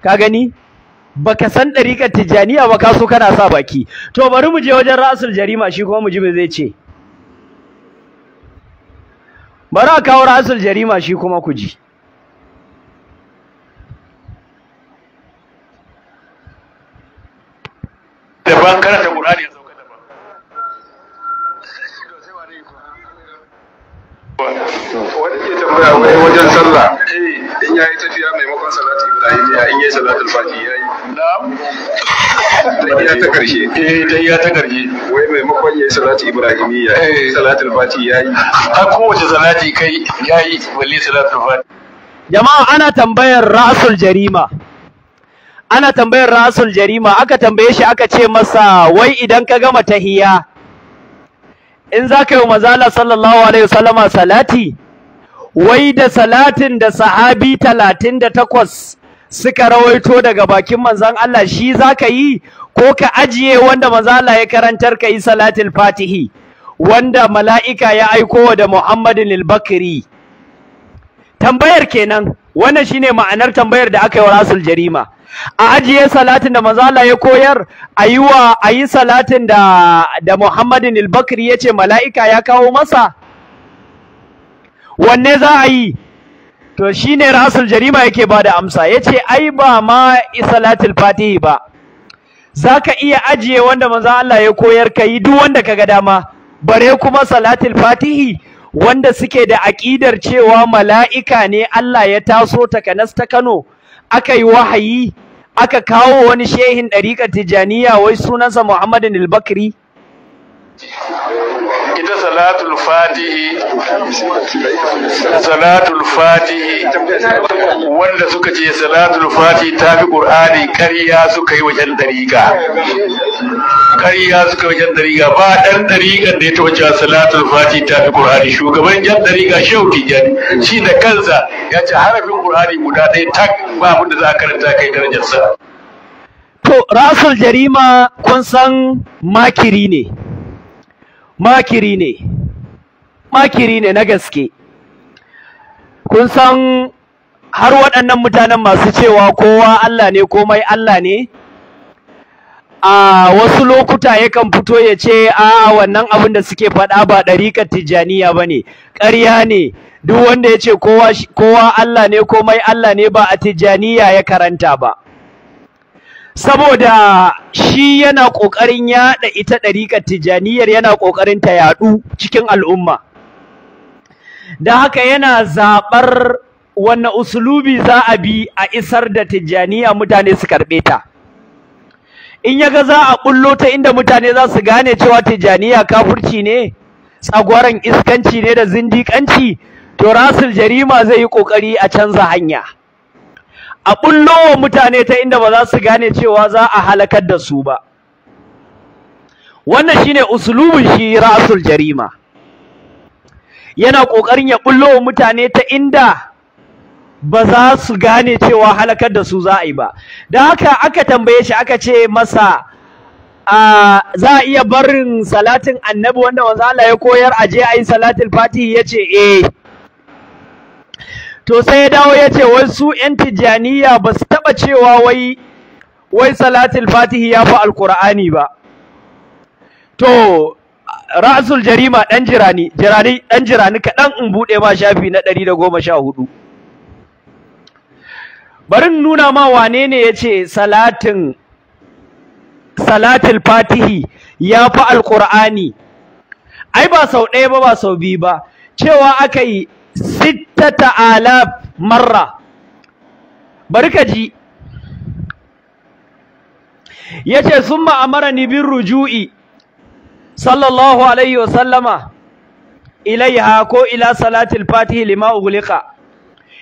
ka gani baka san ɗariƙar Tijjani ba ka so kana sa baki to bari mu je wajen ra'asul jarima shi kuma mu ji me zai ce bari a kawo ra'asul jarima shi kuma ku ji daban karanta Qur'ani sauka daban wani ke tambaya wajen sallah eh, in tafiya maimakon salati Ibrahim ya in salatul fati na'am ta karshe eh ta karshe wai maimakon salati Ibrahim ya yi eh. salatul fati a kowace salati kai balle salatul fati jama'a ana tambayar ra'sul jarima ana tambayar rasul jarima aka tambaye shi aka ce masa wai idan ka gama tahiya in za ka yi mazala sallallahu alaihi wasallama salati wai da salatin da sahabi talatin da takwas suka rawaito daga bakin manzon Allah shi za ka yi ko ka ajiye wanda mazala ya karantar ka yi salatul fatihi wanda mala'ika ya aiko wa da Muhammadin al-Bakri tambayar kenan wannan shine ma'anar tambayar da aka yi wa rasul jarima a ajiye salatin da manzo ya koyar a yi salatin da da Muhammadin al-Bakri yace mala'ika ya kawo masa wanne za a yi to shine rasul jarima yake bada amsa yace ai ba ma salatul fatihi ba zaka iya ajiye wanda manzo ya koyar kai duk wanda ga dama bare kuma salatul fatihi wanda suke da aƙidar cewa mala'ika ne Allah ya taso takanas ta Kano aka yi wahayi aka kawo wani shehin ɗariƙar tijaniya wai sunansa Muhammadin Albakri. ita salatul fatihi salatul fatihi wanda suka ce salatul fatihi ta fi qur'ani ƙarya suka yi wajen dariƙa ƙarya suka yi wajen dariƙa ba ɗan dariƙan da ya ta wajen salatul fatihi ta fi qur'ani shugaban jan dariƙa shauki jan shi da kansa ya ce harafin qur'ani guda ɗaya tak ba abin da za a karanta kai darajarsa to rasul jarima kun san makiri ne makiri ne makiri ne na gaske kun san har waɗannan mutanen masu cewa kowa Allah ne komai Allah ne a wasu lokuta yakan fito ya ce a wannan abin da suke faɗa ba ɗarikar tijjaniya ba ne ƙarya ne duk wanda ya ce kowa Allah ne komai Allah ne ba a tijjaniya ya karanta ba saboda shi yana ƙoƙarin yaɗa ita ɗariƙar tijaniyar yana ƙoƙarin ta yaɗu cikin al'umma da haka yana zaɓar wanne usulubi za a bi a isar da Tijaniya mutane su karɓe ta in ya ga za a ɓullo ta inda mutane za su gane cewa Tijaniya kafurci ne tsagwaron iskanci ne da zindiƙanci to rasul jarima zai yi ƙoƙari a canza hanya a bullo wa mutane ta inda ba za su gane cewa za a halakar da su ba wannan shine usulubin shi ra'sul jarima yana ƙoƙarin ya bullo wa mutane ta inda ba za su gane cewa halakar da su za a yi ba da haka aka tambaye shi aka ce masa za a iya barin salatin annabi wanda wanzu Allah ya koyar a je a yi salatin fati ya ce eh to sai ya dawo ya ce wai su ‘yan tijaniya ba su taɓa cewa wai wai salatul fatihi ya fi alkur'ani ba to ra'asul jarima ɗan jirani jirani ɗan jirani kaɗan in buɗe ma shafi na ɗari da goma sha hudu bari nuna ma wane ne ya ce salatin salatul fatihi ya fi alkur'ani ai ba sau ɗaya ba ba sau biyu ba cewa aka yi sittata alaf marra bari ka ji Ya yace summa amarani bin ruju'i sallallahu alaihi wasallama ilaiha ko ila salatil fatihi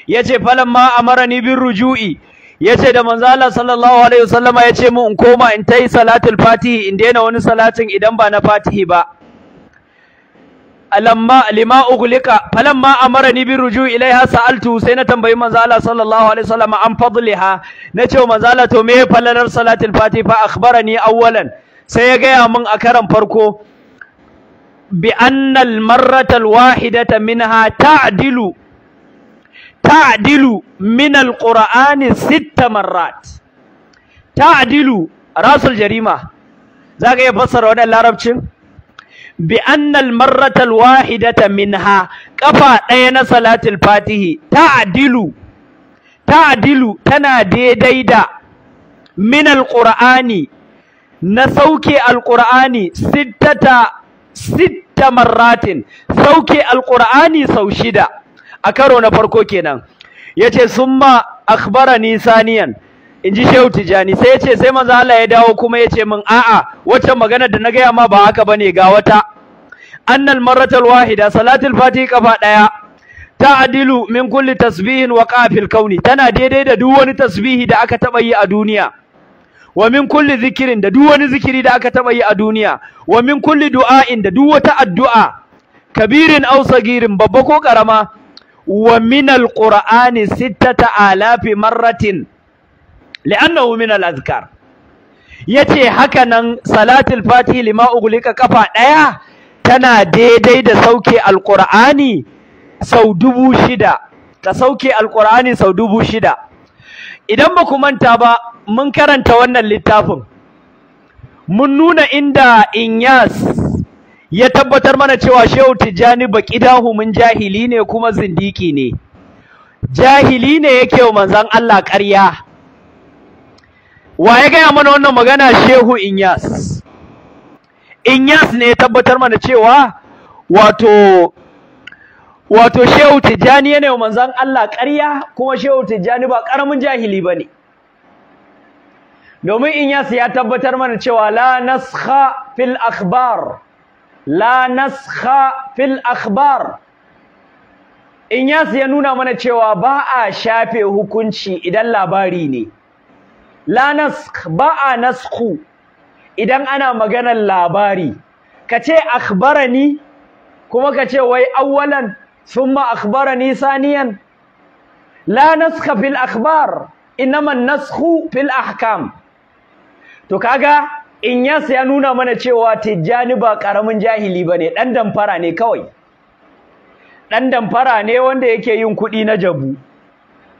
Ya ce falon falamma amarani bin ruju'i Ya ce da manzo Allah sallallahu alaihi wasallama ce mu in koma in ta yi salatul fatihi in daina wani salatin idan ba na fatihi ba alamma lima ughliqa falamma amarani bi ruju ilaiha sa'altu sai na tambayi manzo Allah sallallahu alaihi wasallam an fadliha nace manzo Allah to me falalar salatul Fatifa, fa akhbarani awwalan sai ya gaya min a karan farko bi annal marratal wahidata minha ta'dilu ta'dilu min alqur'ani sitta marrat ta'dilu rasul jarima zaka iya fassara wannan larabcin bi annal marratal wahidata minha kafa ɗaya na salatul fatihi ta'dilu ta'dilu tana daidai da min alqur'ani na sauke alqur'ani sittata sitta marratin sauke alqur'ani sau shida a karo na farko kenan yace summa akhbarani saniyan in ji shehu tijani sai ya ce sai manzo Allah ya dawo kuma ya ce min a'a waccan magana da na gaya ma ba haka bane ga wata annal marratal wahida salatul fatihi kafa daya ta'dilu min kulli tasbihin wa qafil kauni tana daidai da duk wani tasbihi da aka taba yi a duniya wa min kulli zikirin da duk wani zikiri da aka taba yi a duniya wa min kulli du'ain da duk wata addu'a kabirin aw sagirin babba ko karama wa min alqur'ani sittata alafi marratin li'annahu min al-azkar yace hakanan nan salatul fatihi lima ughliqa kafa tana daidai da sauke Alƙur'ani sau dubu shida idan baku manta ba mun karanta wannan littafin mun nuna inda inyas ya tabbatar mana cewa shehu tijjani baqidahu mun jahili ne kuma zindiki ne jahili ne yake wa manzon Allah ƙarya wa ya gaya mana wannan magana shehu inyas inyas ne ya tabbatar mana cewa wato wato shehu tijjani yana yi manzan Allah ƙarya kuma shehu tijjani ba ƙaramin jahili ba ne domin inyas ya tabbatar mana cewa la naskha fil akhbar la naskha fil akhbar inyas ya nuna mana cewa ba a shafe hukunci idan labari ne la naskh ba a naskhu idan ana maganar labari ka ce akhbarani kuma ka ce wai awwalan thumma akhbarani saniyan la naskha fil akhbar inma an-naskhu fil ahkam to kaga Inyas ya nuna mana cewa Tijjani ba karamin jahili ba ne. dan damfara ne kawai dan damfara ne wanda yake yin kuɗi na jabu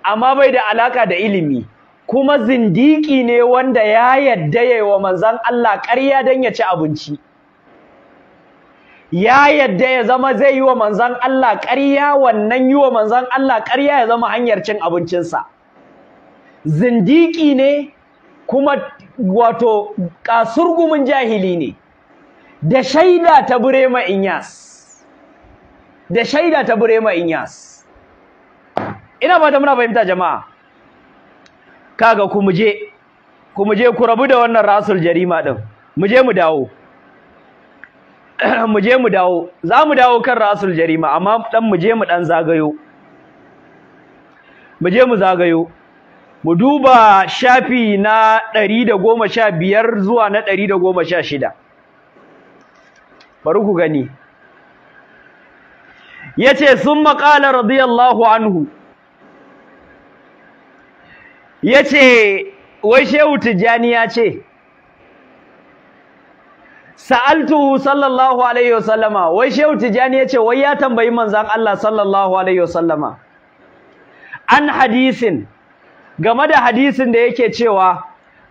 amma bai da alaka da ilimi kuma zindiki ne wanda ya yadda ya yi wa manzan Allah ƙarya don ya ci abinci ya yadda ya zama zai yi wa manzan Allah ƙarya wannan yi wa manzan Allah ƙarya ya zama hanyar cin abincinsa zindiki ne kuma wato kasurgumin jahili ne da shaida ta burema inyas da shaida ta burema inyas ina ba da muna fahimta jama'a kaga ku muje ku muje ku rabu da wannan rasul jarima din muje mu dawo muje mu dawo za mu dawo kan rasul jarima amma dan muje mu dan zagayo muje mu zagayo mu duba shafi na 115 zuwa na 116 bari ku gani yace summa qala radiyallahu anhu ya ce wai shehu tijjani ya ce sa'altuhu sallallahu alaihi wasallama wai shehu tijjani ya ce wai ya tambayi manzan Allah sallallahu alaihi wasallama an hadisin game da hadisin da yake cewa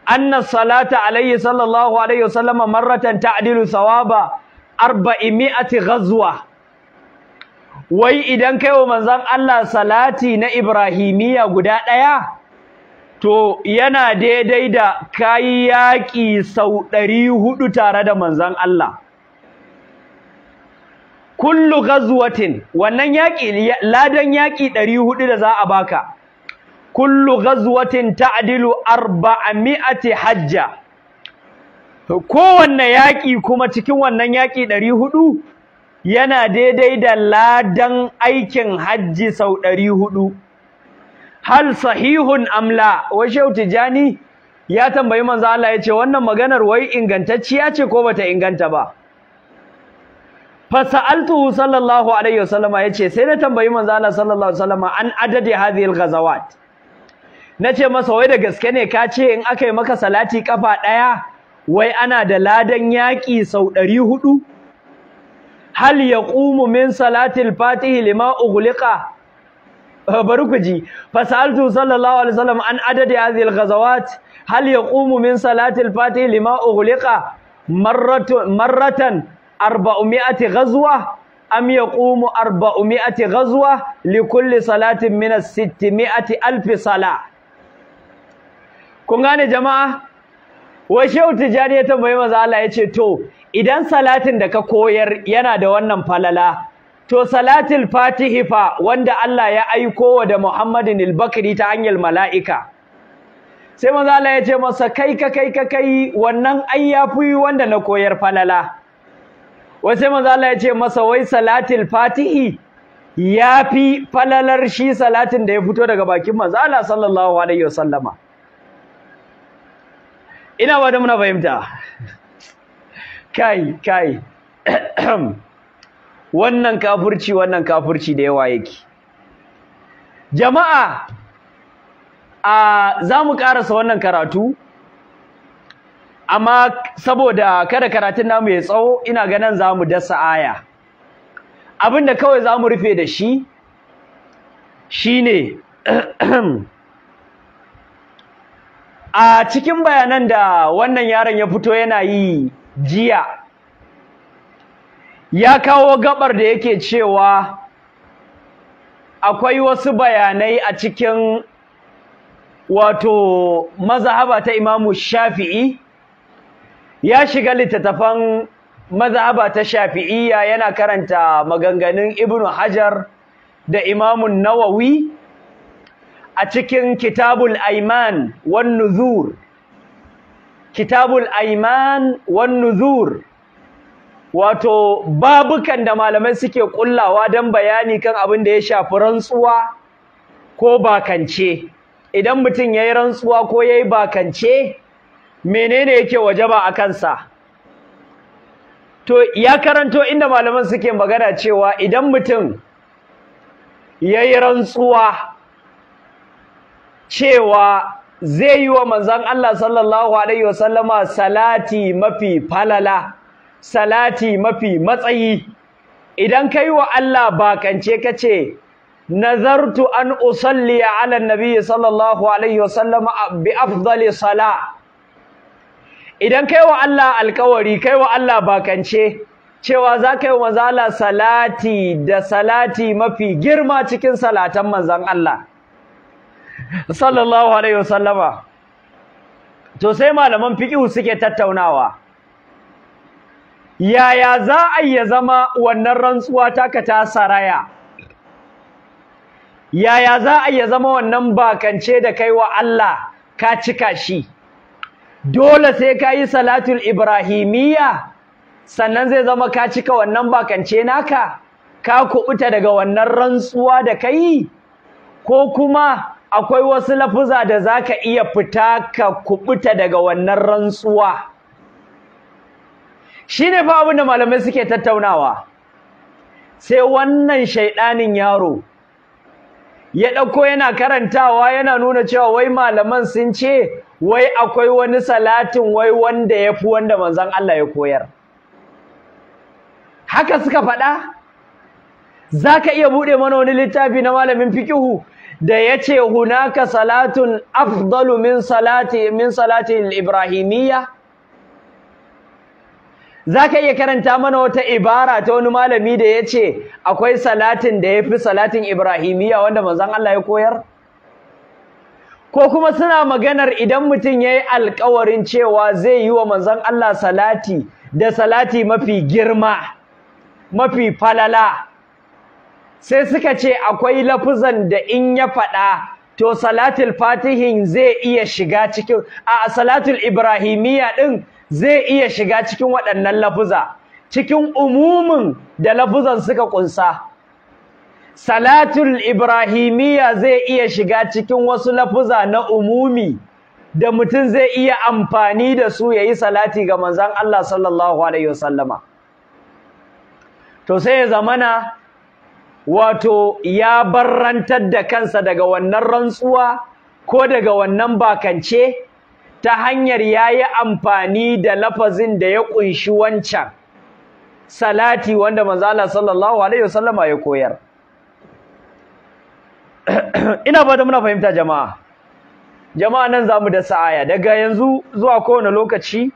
anna salata alaihi sallallahu alaihi wasallama marratan ta'dilu sawaba arba'imi'ati ghazwa wai idan kai wa manzan Allah salati na Ibrahimiyya guda ɗaya to yana daidai da kayi yaƙi sau ɗari hudu tare da manzon Allah kullu ghazwatin wannan yaƙi ladan yaƙi ɗari hudu da za a baka kullu ghazwatin ta'dilu arba'ami'ati hajja kowanne yaƙi kuma cikin wannan yaƙi ɗari hudu yana daidai da ladan aikin hajji sau ɗari hudu hal sahihun amla wai shehu tijani ya tambayi manzo Allah ya ce wannan maganar wai ingantacciya ce ko bata inganta ba fasa'altuhu sallallahu alaihi wasallama yace sai na tambayi manzo Allah sallallahu alaihi wasallama an adadi hadhihi al nace masa wai da gaske ne ka ce in aka yi maka salati kafa daya wai ana da ladan yaki sau 400 hal yaqumu min salatil fatihi lima ughliqa bari ku ji fasaltu sallallahu alaihi wasallam an adadi hadhihi al hal yaqumu min salati al-fatih lima ughliqa marratan marratan 400 ghazwa am yaqumu 400 ghazwa li salatin min as-600 alf sala kun gane jama'a wai shehu tijani ya tambayi maza Allah yace to idan salatin da ka koyar yana da wannan falala to salatul fatihi fa wanda Allah ya aiko wa da Muhammadin al-Bakri ta hanyar mala'ika sai manzo Allah ya ce masa kai ka kai ka kai wannan ai yafi wanda na koyar falala wai sai manzo Allah ya ce masa wai salatul fatihi yafi falalar shi salatin da ya fito daga bakin manzo Allah sallallahu alaihi wasallama ina ba da muna fahimta kai kai wannan kafurci wannan kafurci da yawa yake jama'a a za mu karasa wannan karatu amma saboda kada karatun namu ya tsawo ina ganin za mu dasa aya Abin da kawai za mu rufe da shi shine a cikin bayanan da wannan yaron ya fito yana yi jiya ya kawo gabar da yake cewa akwai wasu bayanai a cikin wato mazhaba ta Imamu Shafi'i ya shiga littattafan mazhaba ta Shafi'iyya yana karanta maganganun Ibn Hajar da Imamu Nawawi a cikin Kitabul Aiman wan Nuzur Kitabul Aiman wan Nuzur wato babukan da malamai suke kullawa don bayani kan abin da ya shafi rantsuwa ko bakance idan mutum ya yi rantsuwa ko ya yi bakance menene yake wajaba a kansa to ya karanto inda malaman suke magana cewa idan mutum ya yi rantsuwa cewa zai yi wa manzan Allah sallallahu alaihi wasallama salati mafi falala salati mafi matsayi idan kai wa Allah bakance kace nazartu an usalli ala nabiyyi sallallahu alaihi wasallam bi afdali sala idan kai wa Allah alkawari kai wa Allah bakance cewa za kai yi manzala salati da salati mafi girma cikin salatan manzon Allah sallallahu alaihi wasallama to sai malaman fiqh suke tattaunawa yaya za a iya zama wannan rantsuwa taka ta saraya yaya za a ya zama wannan bakance da kai wa Allah ka cika shi dole sai ka yi salatul ibrahimiya sannan zai zama ka cika wannan bakance naka ka kuɓuta daga wannan rantsuwa da kai? ko kuma akwai wasu lafuza da za ka iya fita ka kuɓuta daga wannan rantsuwa Shi ne fa abin da malamai suke tattaunawa sai wannan shaidanin yaro ya ɗauko yana karantawa yana nuna cewa wai malaman sun ce wai akwai wani salatin wai wanda ya fi wanda manzon Allah ya koyar haka suka faɗa za ka iya buɗe mana wani littafi na malamin fikihu da ya ce hunaka salatun afdalu min salati min salati ibrahimiyya za ka iya karanta mana wata ibara ta wani malami da ya ce akwai salatin da ya fi salatin ibrahimiyya wanda manzon Allah ya koyar ko kuma suna maganar idan mutum ya yi alkawarin cewa zai yi wa manzon Allah salati da salati mafi girma mafi falala sai suka ce akwai lafuzan da in ya faɗa to salatul fatihin zai iya shiga cikin a salatul ibrahimiyya din zai iya shiga cikin waɗannan lafuza cikin umumin da lafuzan suka kunsa salatul ibrahimiyya zai iya shiga cikin wasu lafuza na umumi da mutum zai iya amfani da su yayi salati ga manzon Allah sallallahu alaihi wasallama to sai ya zamana wato ya barrantar da kansa daga wannan rantsuwa ko daga wannan bakance ta hanyar ya yi amfani da lafazin da ya kunshi wancan salati wanda manzo Allah sallallahu alaihi wasallama ya koyar ina da muna fahimta jama'a jama'a nan zamu da sa'aya daga yanzu zuwa kowane lokaci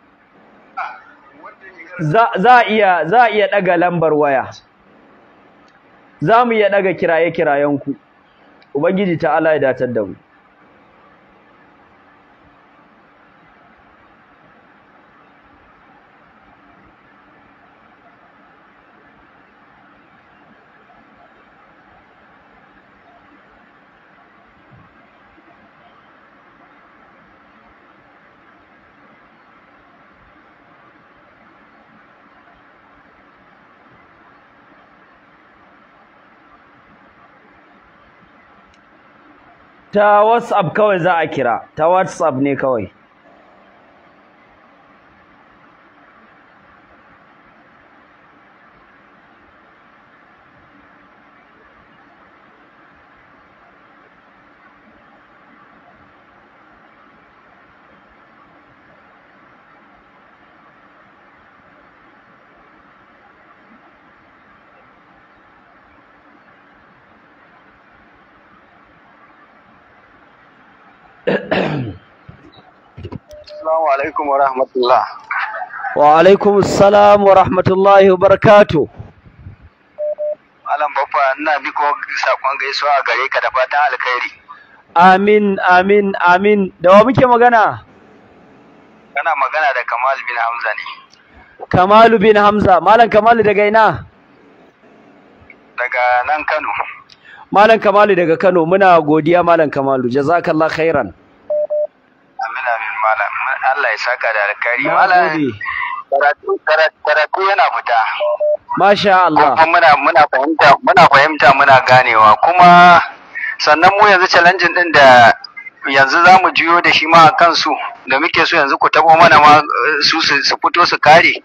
za iya za iya daga lambar waya za mu iya daga kiraye-kirayenku ubangiji ta ya datar da mu ta whatsapp kawai za a kira ta whatsapp ne kawai Assalamu alaikum wa rahmatullah. Wa alaikum assalam wa rahmatullahi wa barakatuh. Malam Baffa, ina bi ko sakon gaisuwa a gare ka da fatan alkhairi. Amin, amin, amin. Da wa muke magana? Kana magana da Kamal bin Hamza ne. Kamalu bin Hamza, Malam Kamalu daga ina? Daga nan Kano. Malam Kamalu daga Kano, muna godiya Malam Kamalu, jazakallah khairan. Allah ya saka da alkari karatu yana fita masha Allah kuma muna fahimta muna fahimta muna ganewa kuma sannan mu yanzu challenge din da yanzu za mu juyo da shi ma kansu da muke so yanzu ku tabo mana ma eh, su su fito su kare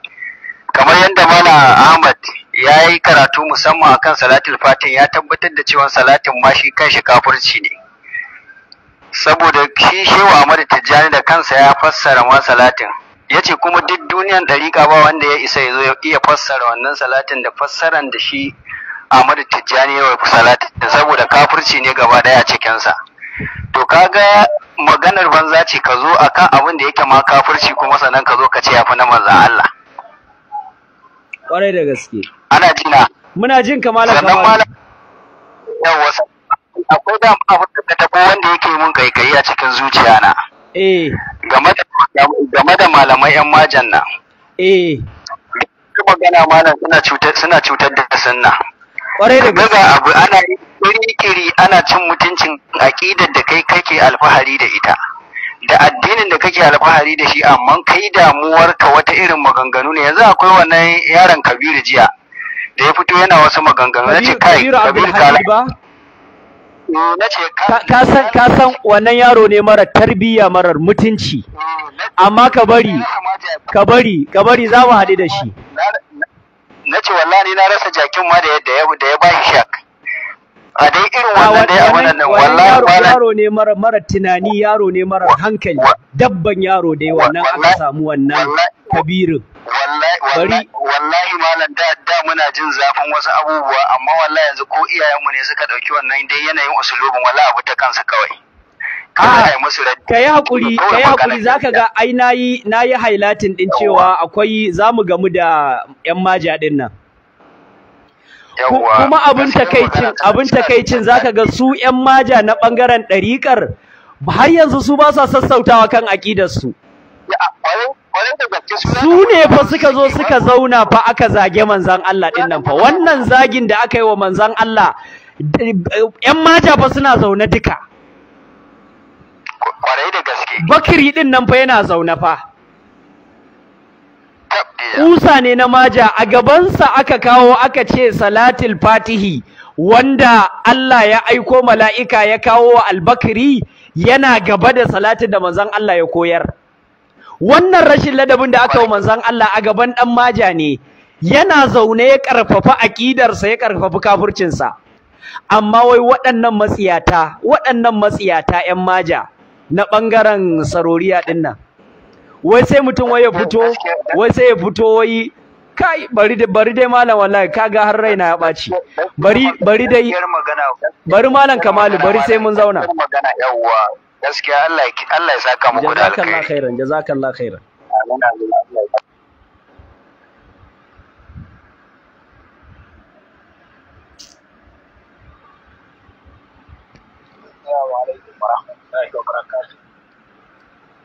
kamar yadda mala ahmad ya yi karatu musamman akan salatul fatin ya tabbatar da cewa salatin ma shi kanshi kafirci ne saboda shi shehu Ahmad Tijjani da kansa ya fassara ma salatin ya ce kuma duk duniyan dariƙa ba wanda ya isa ya zo ya iya fassara wannan salatin da fassaran da shi Ahmad Tijjani ya wa salatin saboda kafirci ne gaba ɗaya a cikinsa to kaga maganar banza ce ka zo akan abin da yake ma kafirci kuma sanan ka zo ka ce ya fi na manzan Allah kwarai da gaske ana jina muna jin kamala kamala yawa akwai da abin da tabo wanda yake mun kaikayi a cikin zuciya na eh game da game da malamai yan majan na. eh magana malam suna cutar suna cutar da sunna kwarai da gaske abu ana kiri ana cin mutuncin aqidar da kai kake alfahari da ita da addinin da kake alfahari da shi amma kai damuwarka wata irin maganganu ne yanzu akwai wannan yaron Kabiru jiya da ya fito yana wasu maganganu na ce kai Kabiru ka ka san ka san wannan yaro ne mara tarbiyya marar mutunci amma ka bari ka bari ka bari za mu haɗu da shi na ce wallahi na rasa jakin ma da yadda ya da ya bashi shak a dai irin wannan dai abin nan wallahi yaro ne mara mara tunani yaro ne mara hankali dabban yaro dai wannan aka samu wannan kabirin wallahi malam da da muna jin zafin wasu abubuwa amma wallahi yanzu ko iyayenmu ne suka ɗauki wannan dai yanayin usulubin wallahi abu ta kansa ah, kawai ka yi hakuri ka yi hakuri za ka ga ai na yi na highlighting ɗin cewa akwai za mu gamu da 'yan maja ɗin nan kuma abin takaicin abin takaicin zaka ga su 'yan maja na ɓangaren ɗariƙar har yanzu su ba sa sassautawa kan aƙidarsu. su su ne fa suka zo suka zauna fa aka zage manzan Allah din nan fa wannan zagin da aka yi wa manzan Allah ƴan mata fa suna zaune duka kwarai da gaske bakiri din nan fa yana zaune fa Kusa ne na maja a gabansa aka kawo aka ce salatul fatihi wanda Allah ya aiko mala'ika ya kawo wa albakiri yana gaba da salatin da manzan Allah ya koyar. wannan rashin ladabin da aka yi manzon Allah a gaban dan maja ne yana zaune ya karfafa aƙidarsa ya karfafi kafircinsa amma wai waɗannan matsiyata waɗannan matsiyata 'yan maja na ɓangaren saroriya ɗin nan wai sai mutum wai ya fito wai sai ya fito wai kai bari dai bari dai malam wallahi kaga har raina ya ɓaci bari bari dai bari malam kamalu bari sai mun zauna gaskiya Allah Allah ya saka muku da alkhairi jazakallahu khairan jazakallahu khairan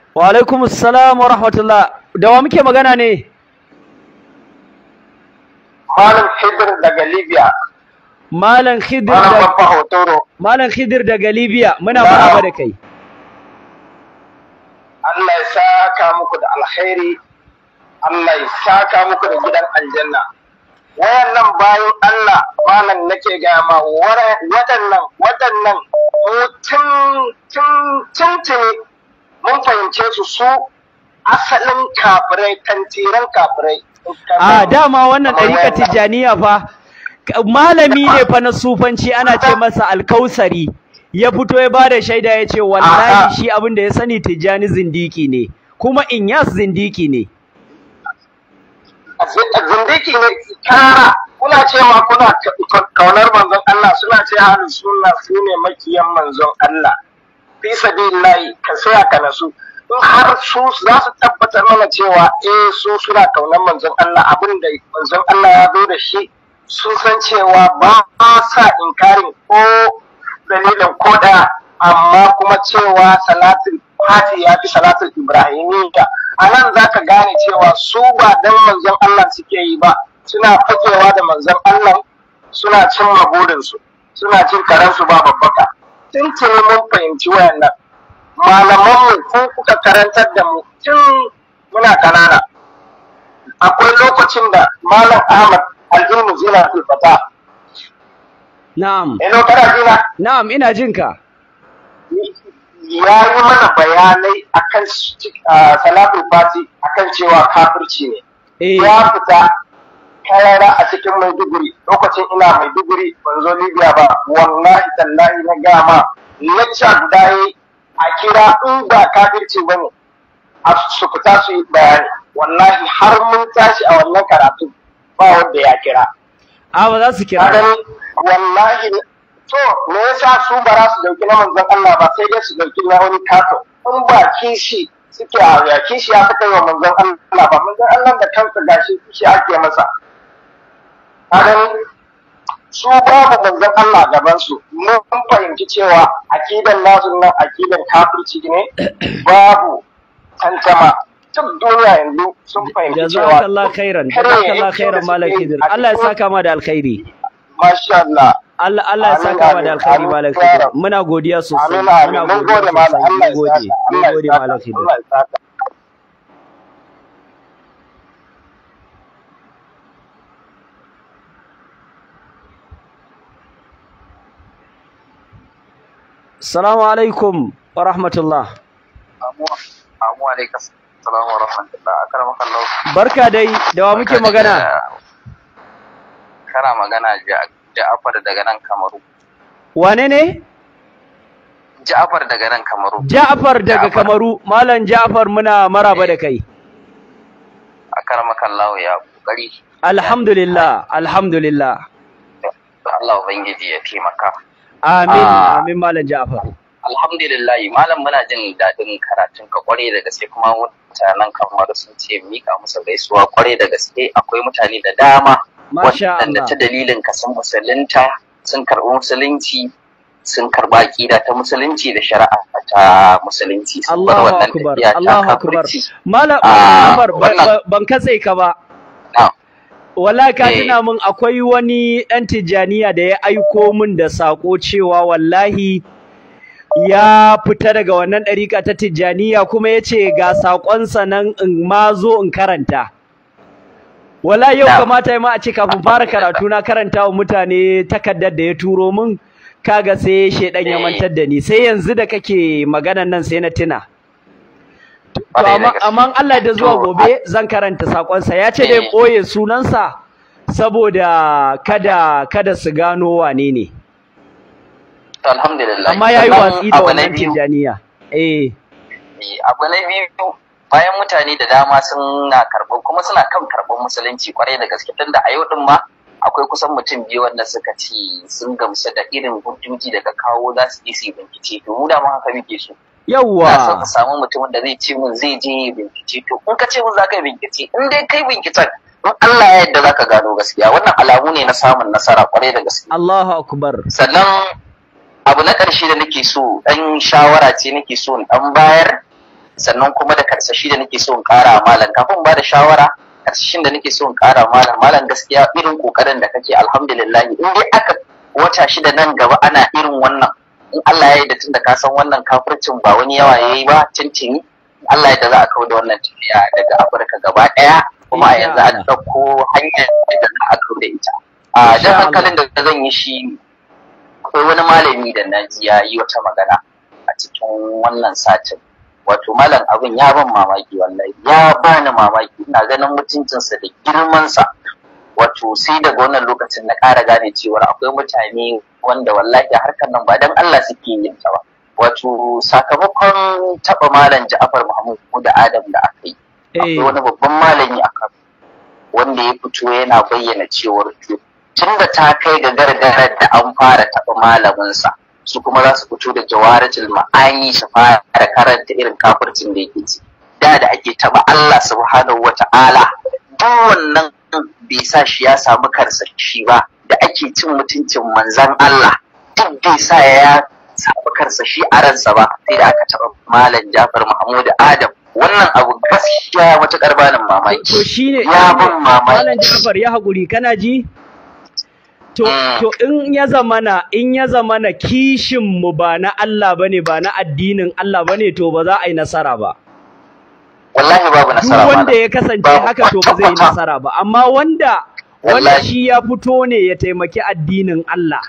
Wa alaikum assalam wa rahmatullah. Da wa muke magana ne? Malam Khidir daga Libya. Malam Khidir daga Malam Khidir daga Libya muna maraba da kai. Allah ya saka muku da alkhairi Allah ya saka muku da gidan aljanna wayannan bayan Allah malam nake ga ma waɗannan waɗannan mu tun mun fahimce su su asalin kafirai tantiran kafirai a dama wannan ɗarika tijjaniya fa malami ne fa na sufanci ana ce masa alkausari ya fito ya bada shaida ya ce wallahi shi abin da ya sani Tijjani zindiki ne kuma Inyas zindiki ne zindiki ne kara kuna cewa kuna kaunar manzon Allah suna ce halin sunna su ne makiyan manzon Allah fi sabilillahi ka saya ka nasu in har su za su tabbatar mana cewa eh su suna kaunar manzon Allah abin da manzon Allah ya zo da shi sun san cewa ba sa inkarin ko dalilin koda amma kuma cewa salatin fati ya fi salatin ibrahimiyya a nan za ka gane cewa su ba dan manzon Allah suke yi ba suna fakewa da manzon Allah suna cin burinsu, suna cin karansu ba babbaka tuntuni mun fahimci wayannan malamanmu ko kuka karantar da mu tun muna kanana akwai lokacin da malam ahmad al'ilmu zina fata Na'am. Ino kana jina? Na'am, ina jin ka. Ya yi mana bayanai akan Salatu fati akan cewa kafirci ne. eh Ya fita kayara a cikin Maiduguri lokacin ina Maiduguri ban zo Libya ba wallahi tallahi na gama lecture guda yi a kira in ba kafirci bane a su fita su yi bayani wallahi har mun tashi a wannan karatu ba wanda ya kira. a ba za su kira wallahi to me yasa su ba za su dauki na manzon Allah ba sai dai su dauki na wani kato in ba kishi suke a ya kishi ya fita wa manzon Allah ba manzon Allah da kansa gashi kishi ake masa kadan su babu manzon Allah gaban su mun fahimci cewa akidan nasu nan akidan kafirci ne babu tantama duk yanzu sun Allah ya saka ma da alkhairi muna godiya sosai muna godiya malam Allah ya gode gode malam Salamu alaikum wa rahmatullah. Amu Assalamu warahmatullah. Akramaka Allah. Barka dai, da wa muke magana? Kana magana Ja'afar daga nan Kamaru. Wane ne? Ja'afar daga nan Kamaru. Ja'afar daga Kamaru, Malam Ja'afar muna maraba da kai. Eh, Akramaka Allah ya kokari. Alhamdulillah, alhamdulillah. Allah ubangiji ya taimaka. Amin, ah. amin Malam Ja'afar. alhamdulillah malam muna jin daɗin karatun ka kware da gaske kuma mutanen kamar sun ce mika musu gaisuwa kware da gaske akwai mutane da dama waɗanda ta dalilin ka sun musulunta sun karɓi musulunci sun karɓa aƙida ta musulunci da shari'a ta musulunci sun bar wannan tafiya ta kafirci malam ah, ban katse ka ba Wala ka eh. tuna min akwai wani ɗan tijjaniya da ya aiko min da saƙo cewa wallahi ya fita daga wannan ɗarika ta tijjaniya kuma ya ce ga saƙonsa nan in ma zo in karanta wala yau kamata ya ma a ce kafin fara karatu na karanta wa mutane takardar da ya turo min kaga sai shaidan ya eh. mantar da ni sai yanzu da kake maganan nan sai na tuna to amma Allah da zuwa gobe zan karanta saƙonsa ya ce dai eh. ɓoye sunansa saboda kada kada su gano wane ne alhamdulillah amma yayi watsi da wannan tijaniya eh. eh abu na biyu bayan mutane da dama suna karɓar kuma suna kan karɓar musulunci kwarai da gaske tunda a yau din ma akwai kusan mutum biyu wanda suka ce sun gamsu da irin hujjoji da ka kawo za su je su yi bincike to mu da haka muke so yawwa na son samu mutumin da zai ce mun zai je yi bincike to in ka ce mun za ka yi bincike in dai kai bincike in Allah ya yadda za ka gano gaskiya wannan alamu ne na samun nasara kwarai da gaske Allahu akbar sannan abu na ƙarshe da nake so ɗan shawara ce nake so in ɗan bayar sannan kuma da karsashi da nake so in ƙara malam kafin ba da shawara karsashin da nake so in ƙara malam malam gaskiya irin ƙoƙarin da kake alhamdulillah in dai aka wata shida nan gaba ana irin wannan in Allah ya yi da tun da ka san wannan kafircin ba wani yawa ya yi ba tuntuni Allah ya da za a kawo da wannan tafiya daga Afirka gaba ɗaya kuma a yanzu an ɗauko hanyar da za a kawo da ita. A jan hankalin da zan yi shi akwai wani malami da na ji ya yi wata magana a cikin wannan satin wato malam abin ya ban mamaki wallahi ya bani mamaki ina ganin mutuncinsa da girmansa wato sai daga wannan lokacin na ƙara gane cewa akwai mutane wanda wallahi harkar nan ba dan Allah suke yin ta ba wato sakamakon taɓa malam Ja'far muhammad da Adam da aka yi eh. akwai wani babban malami a wanda ya fito yana bayyana cewar tun da ta kai ga gargarar da an fara taɓa malaminsa su kuma za su fito da jawaratul ma'ani su fara karanta irin kafircin da yake ci da da ake taɓa Allah subhanahu wa ta'ala duk wannan bai sa shi ya samu karsashi ba da ake cin mutuncin manzan Allah duk bai sa ya samu karsashi a ransa ba sai da aka taɓa malam Jafar Mahmud Adam wannan abu gaskiya matuƙar banin mamaki ya bin mamaki malam Jafar ya haƙuri kana ji to ah. to in ya zamana in ya zamana kishin mu ba na Allah bane ba na addinin Allah bane to ba za a yi nasara ba wallahi babu nasara ba wanda ya kasance haka to ba zai yi nasara ba amma wanda wanda shi ya fito ne ya taimaki addinin Allah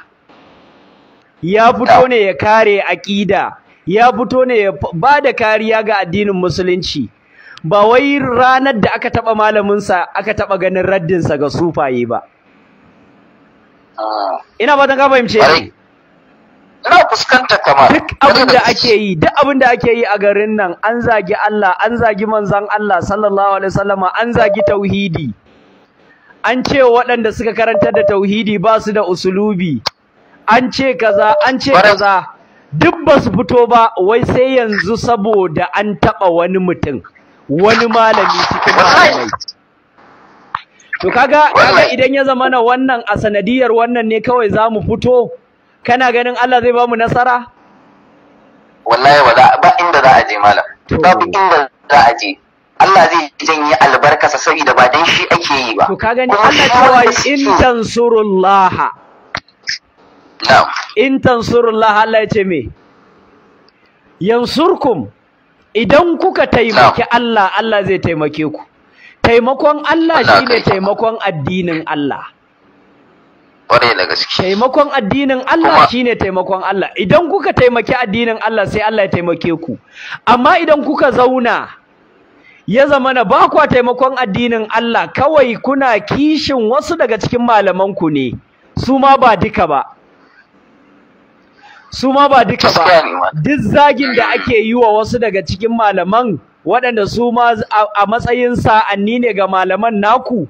ya fito ne ya kare aqida ya fito ne ya da kariya ga addinin musulunci ba wai ranar da aka taba malamin sa aka taba ganin raddin sa ga sufaye ba ina fatan ka fahimce ni ina fuskanta kamar duk abin da ake yi duk abin da ake yi a garin nan an zagi Allah an zagi manzon Allah sallallahu alaihi wasallama an zagi tauhidi an ce waɗanda suka karantar da tauhidi ba su da usulubi an ce kaza an ce kaza duk ba su fito ba wai sai yanzu saboda an taɓa wani mutum wani malami cikin malamai to kaga kaga idan ya zama na wannan a sanadiyar wannan ne kawai za mu fito kana ganin Allah zai ba mu nasara wallahi wala ba inda za a je malam babu inda za a je Allah zai janye albarkasa saboda ba dan shi ake yi ba to ka gani Allah cewa in tansurullah na'am in tansurullah Allah ya ce me yansurkum idan kuka taimaki Allah Allah zai taimake ku taimakon Allah shi ne taimakon addinin Allah kware da gaske taimakon addinin Allah shi ne taimakon Allah idan kuka taimaki addinin Allah sai Allah ya taimake ku amma idan kuka zauna ya zamana ba kwa taimakon addinin Allah kawai kuna kishin wasu daga cikin malamanku ne su ma ba duka ba su ma ba duka ba duk zagin da ake yi wa wasu daga cikin malaman waɗanda su ma a matsayin sa'anni ne ga malaman naku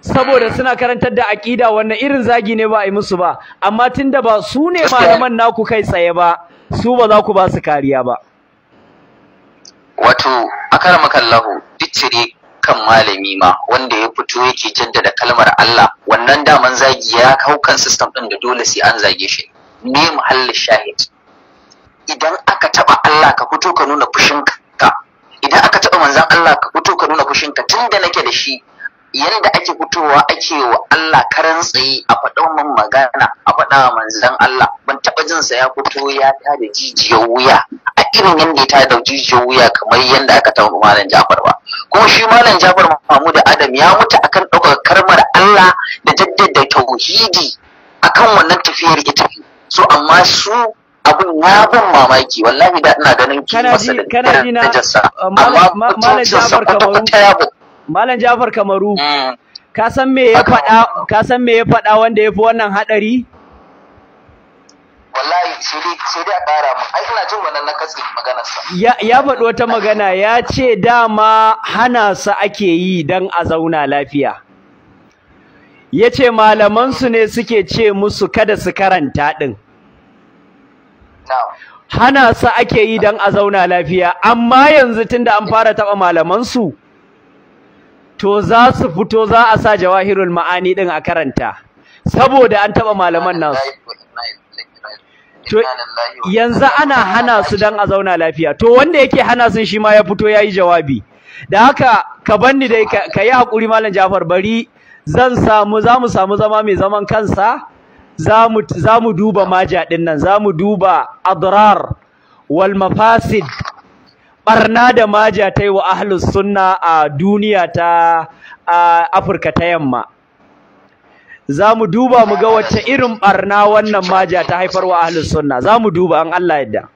saboda suna karantar da aƙida wannan irin zagi ne ba a yi musu ba amma tunda ba su ne malaman naku kai tsaye ba su ba za ku ba su kariya ba wato akaramakallahu duk kan malami ma wanda ya fito yake jaddada kalmar Allah wannan daman zagi ya hau kan system ɗin da dole sai an zage shi ne muhallin shahid idan aka taba Allah ka fito ka nuna fushinka idan aka taba manzon Allah ka fito ka nuna fushinka tunda nake da shi yanda ake fitowa ake wa Allah karan tsaye a faɗa min magana a faɗa manzon Allah ban taɓa jin sa ya fito ya tada jijiyar wuya a irin yanda ya tada jijiyar wuya kamar yanda aka tawo malam Jafar ba kuma shi malam Jafar Mahmud Adam ya mutu akan ɗaukar karmar Allah da jaddada tauhidi akan wannan tafiyar ita so amma su abin ya ban mamaki wallahi da ina ganin ki masa da kana ji na uh, malam Jafar Kamaru malam Jafar Kamaru ka san me ya faɗa ka san me ya faɗa wanda ya fi wannan hadari wallahi sai dai sai dai a ƙara mu ai ina jin wannan na katsin maganar sa ya faɗi wata magana ya ce dama hana sa ake yi dan a zauna lafiya ya ce malamansu ne suke ce musu kada su karanta ɗin hana su ake yi don a zauna lafiya amma yanzu tunda an fara taɓa malamansu to za su fito za a sa jawahirul ma'ani din a karanta saboda an taɓa malaman nasu to yanzu ana hana su don a zauna lafiya to wanda yake hana sun shi ma ya fito ya yi jawabi da haka ka banni dai ka yi haƙuri malam jafar bari zan samu za mu samu zama mai zaman kansa za mu duba maja ɗin nan za mu duba adrar wal mafasid ɓarna da maja ta yi wa ahlus sunna a duniya ta afirka ta yamma za mu duba mu ga wacce irin ɓarna wannan maja ta haifar wa ahlus sunna za mu duba an allah yadda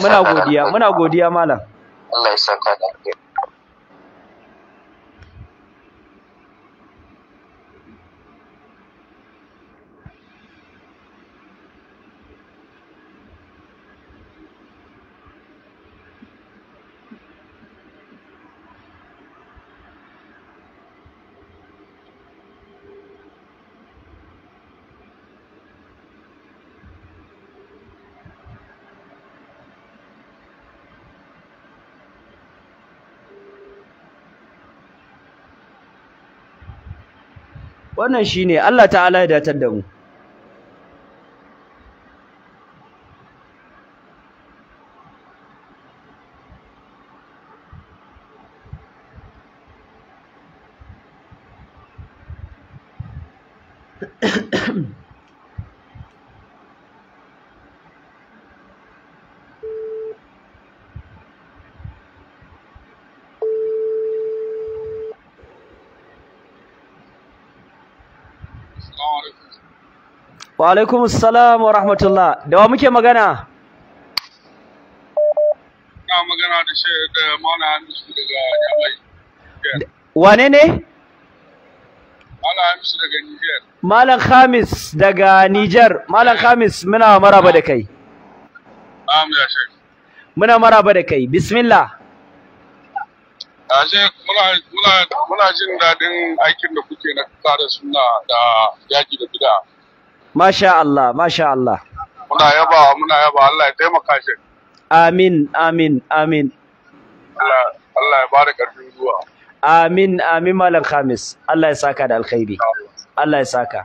muna godiya muna godiya malam allah ya saka da wannan shi ne Allah ta'ala ya datar da mu Wa alaikum salam wa rahmatullah. Da wa muke magana? Na magana da shi da Maulana Hamisu daga jamai Wane ne? Malam khamis daga Niger. Malam Hamis daga Niger. Malam Hamis muna maraba da kai. Amin ya shek. Muna maraba da kai. Bismillah. Ya shek muna jin daɗin aikin da kuke na tsara suna da yaki da bid'a. Masha Allah, masha Allah. Muna yaba, muna yaba, Allah ya taimaka shi. Amin, amin, amin. Allah ya bada ƙarfin zuwa. Amin, amin Malam Khamis. Allah ya saka da alkhairi. Allah ya saka.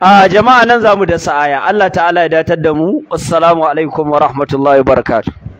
a jama'a nan zamu da sa'aya Allah ta'ala ya datar da mu assalamu alaikum wa rahmatullahi wa barakatuh